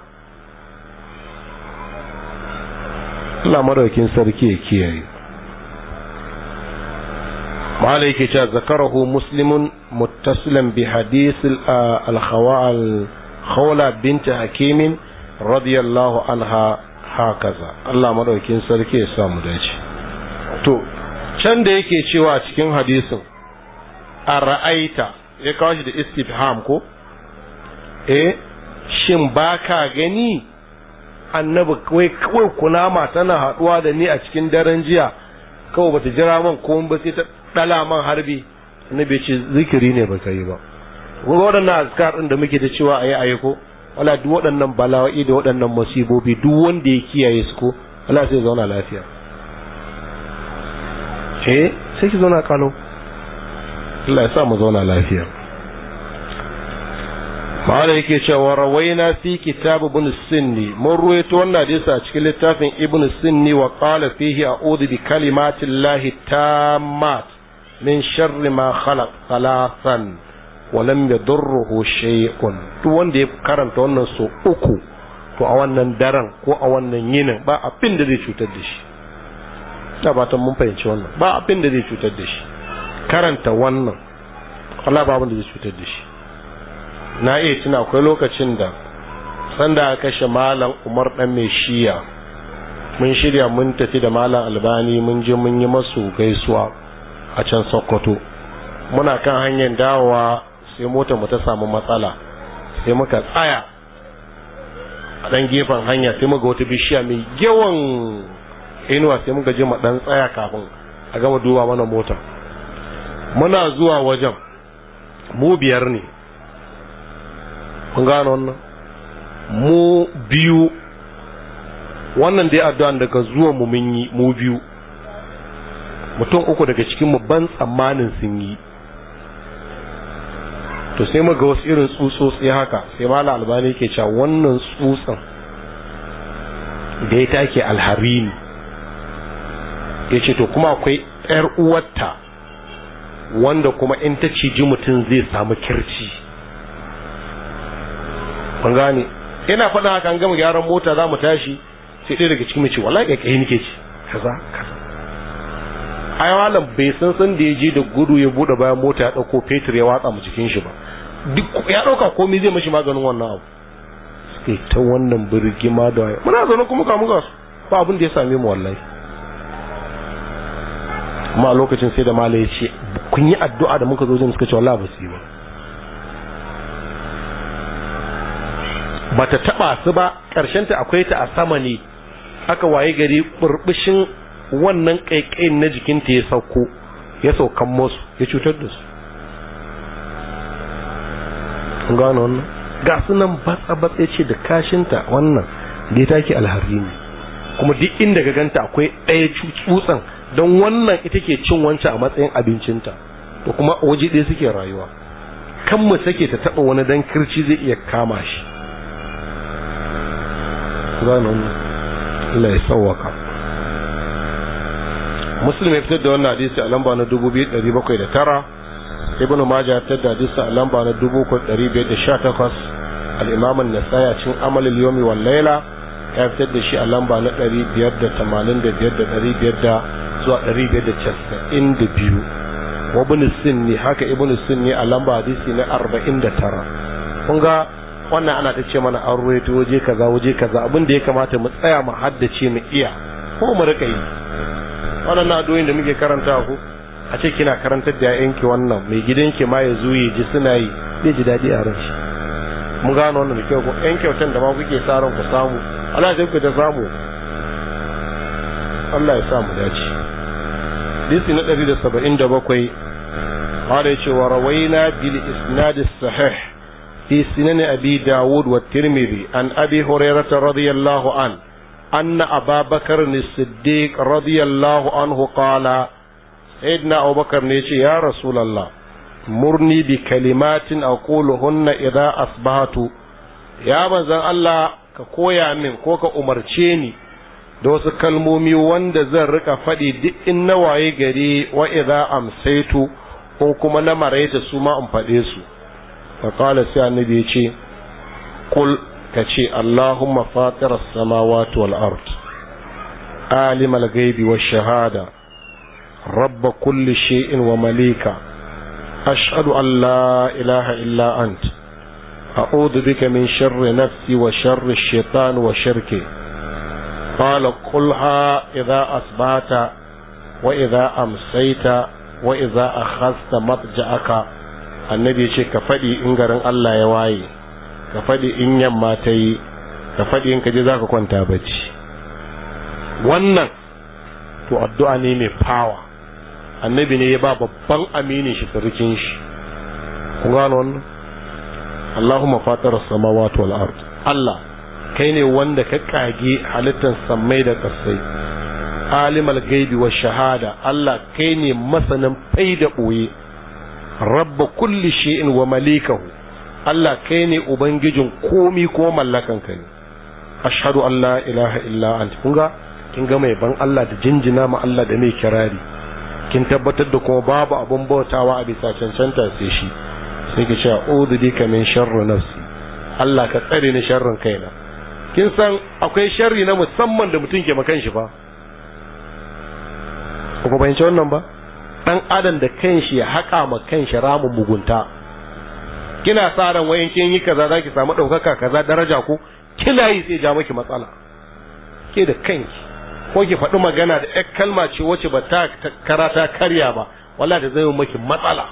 Allah madaukin sarki ya kiyaye ma'ala yake cewa zakarahu muslimun muttasilan bi hadith al-khawal khawla bint hakimin radiyallahu anha hakaza Allah madaukin sarki ya samu dace to can da yake cewa cikin hadisin a ra'aita ya kawo shi da istifham ko eh shin baka gani annabi kawai kawai kunama tana haduwa da ni a cikin daren jiya kawai bata jira man ko ba sai ta dala man harbi annabi ce zikiri ne baka yi ba na azkar din da muke ta cewa ayi ayi ko wala duk waɗannan bala'o'i da waɗannan masibobi duk wanda ya kiyaye su ko wala sai zauna lafiya eh sai ki zauna kalo Allah ya sa mu zauna lafiya ma'ana yake cewa rawaina fi kitab ibn sinni mun ruwaito wannan hadisi a cikin littafin ibn sinni wa qala fihi a'udhu bi kalimatillahi tammat min sharri ma khalaq thalathan walam yadurruhu shay'un duk wanda ya karanta wannan so uku to a wannan daren ko a wannan yinin ba abin da zai cutar da shi ta ba ta mun fahimci wannan ba abin da zai cutar da shi karanta wannan Allah ba abin da zai cutar da shi na iya tuna akwai lokacin da sanda aka kashe malam Umar dan mai shiya mun shirya mun tafi da malam Albani mun je mun yi masu gaisuwa a can Sokoto muna kan hanyar dawowa sai motar mu ta samu matsala sai muka tsaya a dan gefen hanya sai muka wata bishiya mai yawan inuwa sai muka je mu dan tsaya kafin a gama duba mana motar muna zuwa wajen mu biyar ne kun gano wannan mu biyu wannan dai addu'an daga zuwa mu mun yi mu biyu mutum uku daga cikin mu ban tsammanin sun yi to sai maga wasu irin tsutsotsi haka sai mala albani ke cewa wannan tsutsan da ya take alharini ya ce to kuma akwai yar uwarta wanda kuma in ta ciji mutum zai samu kirci ban gane ina faɗa haka an gama gyaran mota za mu tashi sai ɗaya daga cikin mace wala ƙaƙƙai nike ci kaza kaza ai malam bai san san da ya je da gudu ya buɗe bayan mota ya ɗauko fetur ya watsa mu cikin shi ba duk ya ɗauka komai zai mashi maganin wannan abu suka ta wannan birgima da waye muna zaune kuma kamun ga su ba abin da ya same mu wallahi kuma a lokacin sai da mala ya ce kun yi addu'a da muka zo jin suka ce wallahi ba su yi ba ba ta taba su ba ta akwai ta a sama ne aka waye gari burbushin wannan ƙaiƙayin na jikinta ya sauko ya saukan musu ya cutar da su kun ga wannan ga sunan batsa batsa ce da kashinta wannan da ya take alhari ne kuma duk inda ga ganta akwai ɗaya tsutsan don wannan ita ke cin wanci a matsayin abincinta to kuma waje ɗaya suke rayuwa kan mu sake ta taɓa wani dan kirci zai iya kama shi Allah muslim ya fitar da wannan hadisi a lamba na 2709 ibnu majah ta da hadisi a lamba na 2518 al-imam an-nasai a cikin amalul yawmi wal layla ya fitar da shi a lamba na 585 da 500 zuwa 592 wa ibn sinni haka ibn sinni a lamba hadisi na 49 kun ga wannan ana ta ce mana an ruwaito waje kaza waje kaza abin da ya kamata mu tsaya mu haddace mu iya ko mu rika yi wannan na doyin da muke karanta ku a ce kina karantar da ƴaƴanki wannan mai gidanki ma ya zuye ji suna yi zai ji daɗi a ran shi mun gano wannan da kyau ƴan kyautan da ma kuke sa ran ku samu Allah sai ku ta samu Allah ya sa mu dace hadisi na ɗari da saba'in da bakwai ƙara yace wa rawaina bil isnad sahih fi sunan abi dawud wa tirmidhi an abi hurairah radiyallahu an anna ababakar as-siddiq radiyallahu anhu qala sayyidina abubakar ne ce ya rasulallah murni bi kalimatin a hunna idza asbahatu ya manzan Allah ka koya min ko ka umarce ni da wasu kalmomi wanda zan rika faɗi duk in na waye gari wa idza amsaitu ko kuma na maraita su ma in faɗe su fa kala sai annabi ya ce kul ka ce allahumma fatira samawati wal ard alim al ghaibi wash shahada رب كل شيء ومليكا أشهد أن لا إله إلا أنت أعوذ بك من شر نفسي وشر الشيطان وشركي قال قلها إذا أصبحت وإذا أمسيت وإذا أخذت مضجعك النبي يقول كفدي إن غرن الله يواي كفدي إن يماتي كفدي إن كجزاك كنت أبتي wannan to addu'a ne mai fawa annabi ne ya ba babban aminin shi sarkin shi kun gano wannan Allahumma fatar samawati wal ard Allah kai ne wanda ka kage halittar samai da kasai alimal gaibi wa shahada Allah kai ne masanin fai da boye rabba kulli shay'in wa malikahu Allah kai ne ubangijin komi ko mallakan ka ne ashhadu an la ilaha illa anta kun ga kin ga mai ban Allah da jinjina ma Allah da mai kirari kin tabbatar da kuma babu abun bautawa a bisa cancanta sai shi sai ki ce a'udhu bika min sharri nafsi Allah ka tsare ni sharrin kaina kin san akwai sharri na musamman da mutum ke makan shi fa ku bayyance wannan ba dan adam da kanshi ya haƙa ma kanshi ramin mugunta kina sa ran wayan kin yi kaza zaki samu ɗaukaka kaza daraja ko kina yi sai ja maki matsala ke da kanki ko ki faɗi magana da ɗan kalma ce wacce ba ta karata karya ba wala da zai maki matsala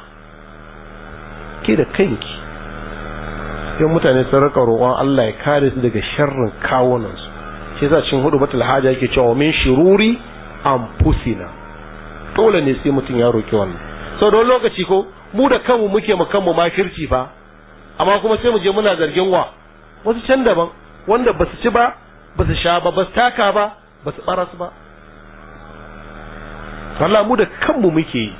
ke da kanki yan mutane sun rika roƙon Allah ya kare su daga sharrin kawunan su. shi yasa cin hudu batul haja yake cewa min shururi fusina dole ne sai mutum ya roƙi wannan sau don lokaci ko mu da kanmu muke ma kanmu makirci fa amma kuma sai mu je muna zargin wa wasu can daban wanda basu ci ba basu sha ba basu taka ba ba su su ba Allah mu da kanmu muke yi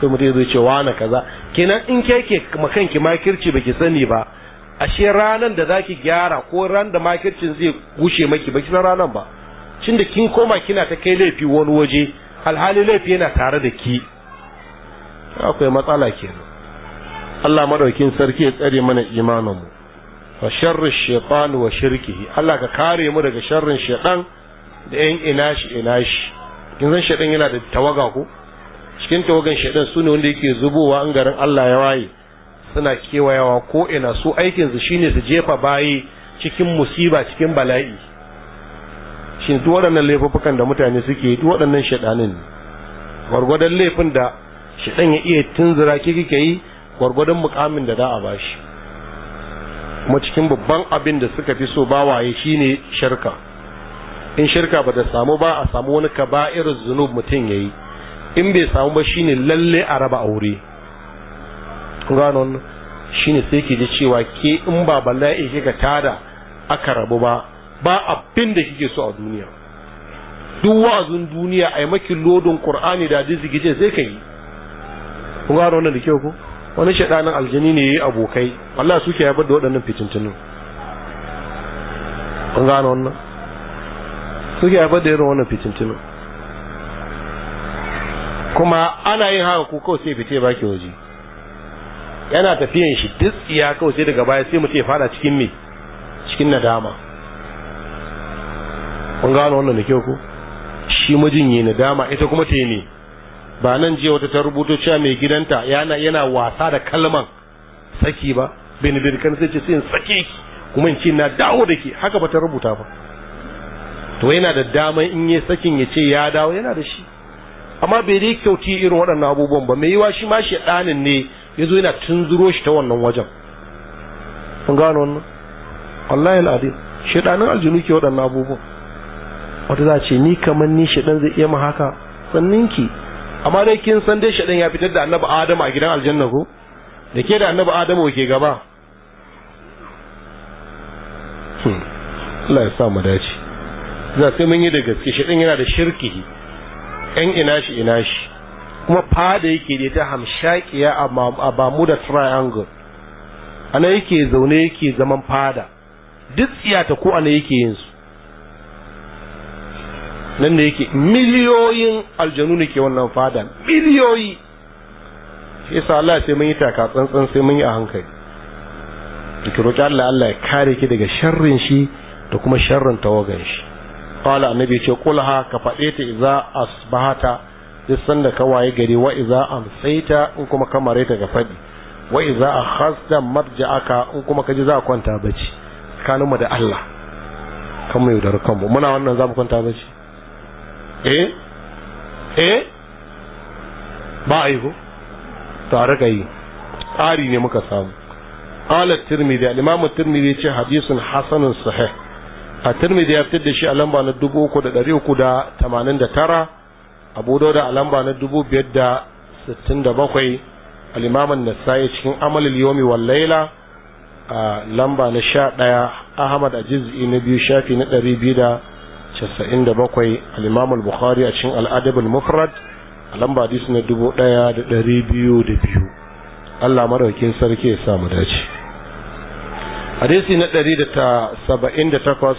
sai mutum zai ce wani kaza kenan in ke ke makanki makirci baki sani ba ashe ranar da zaki gyara ko ran da makircin zai gushe maki baki san ranar ba Cinda kin koma kina ta kai laifi wani waje alhali laifi yana tare da ki akwai matsala kenan Allah madaukin sarki ya tsare mana imanin mu wa sharri shaytan wa shirkihi Allah ka kare mu daga sharrin shaytan da yan ina shi ina shi kin san shedan yana da tawaga ko cikin tawagan shedan sune wanda yake zubowa an garin Allah ya waye suna kewayawa ko ina su aikin su shine su jefa bayi cikin musiba cikin bala'i shin duk waɗannan laifuffukan da mutane suke duk waɗannan shedanin ne gwargwadon laifin da shedan ya iya tunzura ki kike yi gwargwadon mukamin da za a bashi kuma cikin babban abin da suka fi so bawaye shine shirka in shirka ba da samu ba a samu wani kaba'ir zunub mutum ya yi in bai samu ba shine lalle a raba aure gano shine sai ke ji cewa ke in ba in ga tada aka rabu ba ba abin da kike so a duniya duk wa'azin duniya a yi maki lodin qur'ani da hadisi kike zai kai kun gano wannan da kyau ko wani shaidanin aljini ne yayi abokai Allah suke ya da waɗannan fitintunin kun gano wannan suke haifar da irin wannan fitintinu kuma ana yin haka ko kawai sai fice baki waje yana tafiyan shi duk iya kawai sai daga baya sai mutum ya fada cikin me cikin nadama kun gano wannan da kyau ko shi mijin yi nadama ita kuma ta yi ne ba nan je wata ta rubuto cewa mai gidanta yana yana wasa da kalman saki ba bin birkan sai ce sai sake ki kuma in ce na dawo da ke haka ba ta rubuta ba to yana da dama in yi sakin ya ce ya dawo yana da shi amma bai dai kyauti irin waɗannan abubuwan ba mai yiwa shi ma shi ɗanin ne ya zo yana tunzuro shi ta wannan wajen kun gano wannan wallahi al'adil shi ɗanin aljinu ke waɗannan abubuwan wata za ce ni kamar ni shi ɗan zai iya ma haka sannin ki amma dai kin san dai shi ɗan ya fitar da annabi adam a gidan aljanna ko da ke da annabi adam ke gaba hmm. Allah ya sa mu dace za sai mun yi da gaske shi yana da shirki yan ina shi ina shi kuma fada yake da ta hamshakiya a bamu da triangle ana yake zaune yake zaman fada duk tsiyata ko ana yake yin su nan da yake miliyoyin aljanu ne ke wannan fada miliyoyi shi yasa Allah sai mun yi taka tsantsan sai mun yi a hankali ki roki Allah Allah ya kare ki daga sharrin shi da kuma sharrin tawagan shi qala annabi ce kulha ka fade ta idza asbahata duk sanda ka waye gari wa idza amsaita in kuma ka mare ta ga fadi wa idza akhadta marja'aka in kuma ka ji za kwanta bacci tsakanin mu da Allah kan mu yaudar kanmu muna wannan za mu kwanta bacci eh eh ba a To a tare yi tsari ne muka samu قال الترمذي الإمام الترمذي حديث حسن صحيح a tirmidhi ya fitar da shi a lamba na dubu uku da ɗari uku da tamanin da tara abu dauda a lamba na dubu biyar da sittin da bakwai alimaman nasa'i cikin amalil yomi wal laila a lamba na sha ɗaya ahmad a jiz'i na biyu shafi na ɗari biyu da casa'in da bakwai alimamul bukhari a cikin al'adabul mufrad a lamba hadisi na dubu ɗaya da ɗari biyu da biyu allah maraukin sarki ya samu dace hadisi na ɗari da saba'in da takwas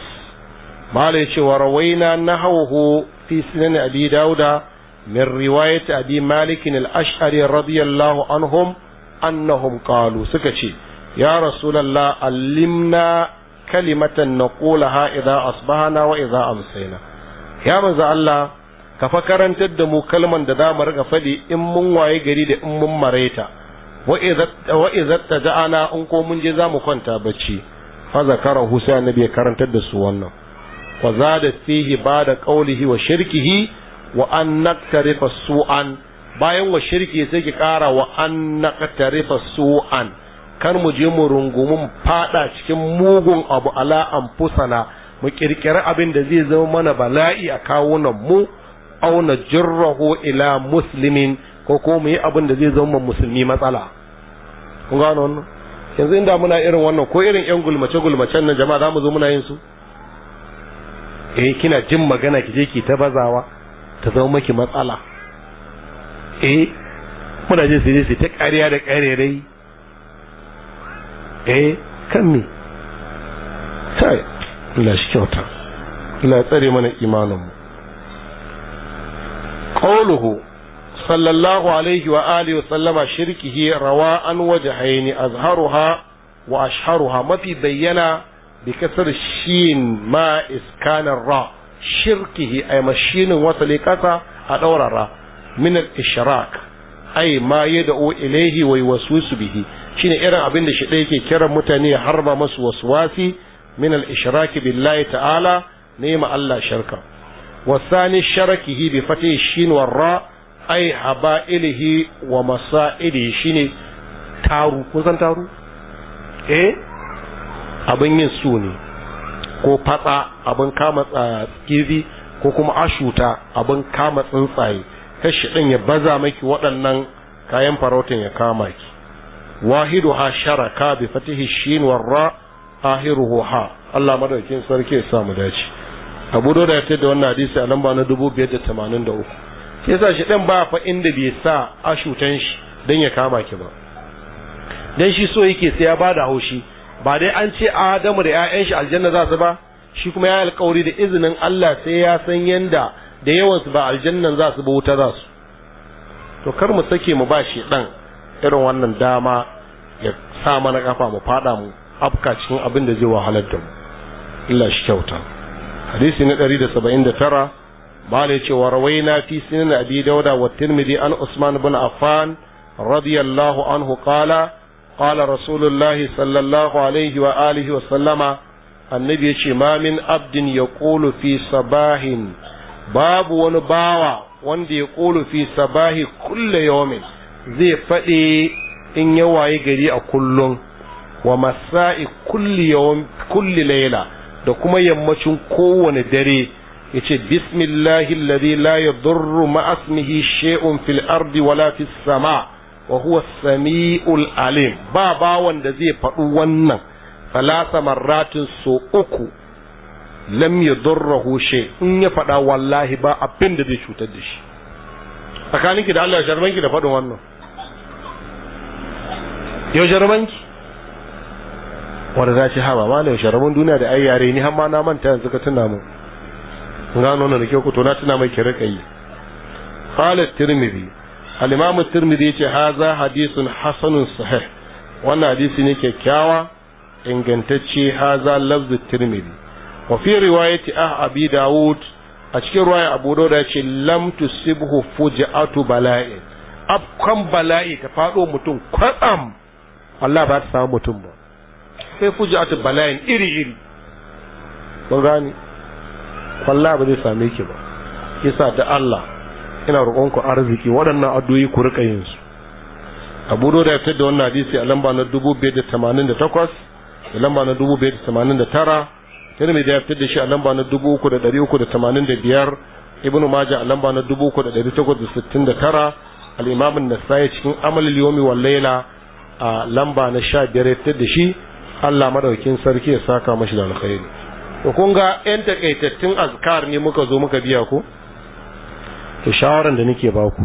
mala yace wa na nahawhu fi sunan abi dauda min riwayat abi malik al-ash'ari radiyallahu anhum annahum qalu suka ce ya rasulullah allimna kalimatan naqulaha idza asbahna wa idza amsayna ya manzo Allah ka fa karantar da mu kalman da za mu riga fadi in mun waye gari da in mun mareta wa idza taja'ana in ko mun je za mu kwanta bacci fa zakara husayn nabi karantar da su wannan wa zada fihi bada qawlihi wa shirkihi wa an naqtarifa su'an bayan wa shirki sai ki kara wa an naqtarifa su'an Kan mu je mu rungumun fada cikin mugun abu ala fusana mu kirkira abin da zai zama mana bala'i a nan mu au na jirrahu ila muslimin ko ko mu yi abin da zai zama musulmi matsala kun gano wannan yanzu inda muna irin wannan ko irin yan gulmace gulmacen nan jama'a za mu zo muna yin su eh kina jin magana ki je ki ta bazawa ta zama maki matsala eh muna jin sai sai ta ƙarya da ƙarerai eh kan me sai la shi kyauta la tsare mana imanin mu qawluhu sallallahu alaihi wa alihi wa sallama shirkihi rawa an wajhaini azharuha wa ashharuha mafi bayyana بكسر الشين ما إسكان الراء شركه أي مشين وسليكة أدور الراء من الإشراك أي ما يدعو إليه ويوسوس به شين إيران أبن شديك كرم متني حرب مس وسواسي من الإشراك بالله تعالى نيم الله شركا والثاني شركه بفتح الشين والراء أي حبائله ومصائده شين تارو كنت تارو إيه abin yin su ne ko fatsa abin kama tsakiri ko kuma ashuta abin kama tsuntsaye kashi ɗin ya baza maki waɗannan kayan farautin ya kama ki wahidu ha sharaka bi fatihi shin warra ahiruhu ha Allah madaukin sarki ya samu dace Abu Dawud ya tada wannan hadisi a lamba na 2583 yasa shi ɗin ba fa inda bai sa ashutan shi dan ya kama ki ba dan shi so yake sai ya bada haushi ba dai an ce adamu da 'ya'yan shi aljanna za su ba shi kuma ya alkawari da izinin Allah sai ya san yanda da yawansu ba aljannan za su ba wuta za su to kar mu sake mu ba shi dan irin wannan dama ya sa mana kafa mu fada mu afka cikin abin da zai wahalar da mu Allah shi kyauta hadisi na 179 ba yace cewa rawaina fi sunan abi dauda wa tirmidhi an usman ibn affan radiyallahu anhu qala قال رسول الله صلى الله عليه وآله وسلم النبي يشي ما من عبد يقول في صباح باب ونباوة wanda ya ƙulu fi sabahi kulle yawmin zai faɗi in ya waye gari a kullum wa masa'i kulle laila da kuma yammacin kowane dare ya ce bismillahi alladhi la ya durru asmihi shay'un fil ardi wala fis sama' wa huwa sami'ul alim ba bawan da zai faɗi wannan salasa marratin so uku lam yadurruhu shay in ya faɗa wallahi ba abin da zai cutar da shi tsakaninki da Allah jarmanki da faɗin wannan yau jarmanki wanda za ci haba ma yau jarman duniya da ai yare ni hamma na manta yanzu ka tuna mu gano nan da kyau ku to tuna mai ki rika yi tirmidhi al-imam tirmidhi yace haza hadisun hasanun sahih wannan hadisi ne kyakkyawa ingantacce haza lafzu tirmidhi wa fi riwayati ah abi daud a cikin ruwaya abu daud yace lam tusibhu atu bala'in afkan bala'i ta faɗo mutum kwatsam Allah ba ta samu mutum ba sai fuji'atu bala'in iri iri ban gani wallahi ba zai same ki ba kisa ta Allah ina roƙon ku arziki waɗannan addu'o'i ku rika yin su Abu Dawud ya fitar da wannan hadisi a lamba na 2088 da lamba na 2589 da ya fitar da shi a lamba na 3385 Ibn Majah a lamba na 3869 Al-Imam An-Nasa'i cikin Amalul Yawmi wal Layla a lamba na 15 ya fitar da shi Allah madaukin sarki ya saka mashi da alkhairi Ko kun ga yan takaitattun azkar ne muka zo muka biya ko to shawaran da nake ba ku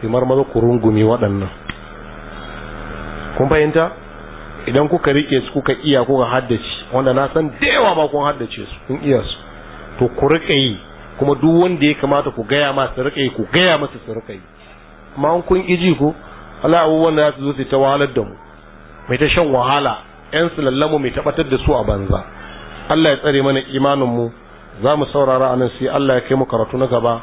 ku marmar ku rungumi waɗannan kun fahimta idan kuka rike su kuka iya kuka haddace wanda na san da yawa ba kun haddace su kun iya su to ku rike yi kuma duk wanda ya kamata ku gaya ma su rike yi ku gaya masa su rike yi amma in kun iji ku Allah abubuwan da za su zo su ta wahalar da mu mai ta shan wahala yan su lallamu mai tabbatar da su a banza Allah ya tsare mana imanin mu za mu saurara anan sai Allah ya kai mu karatu na gaba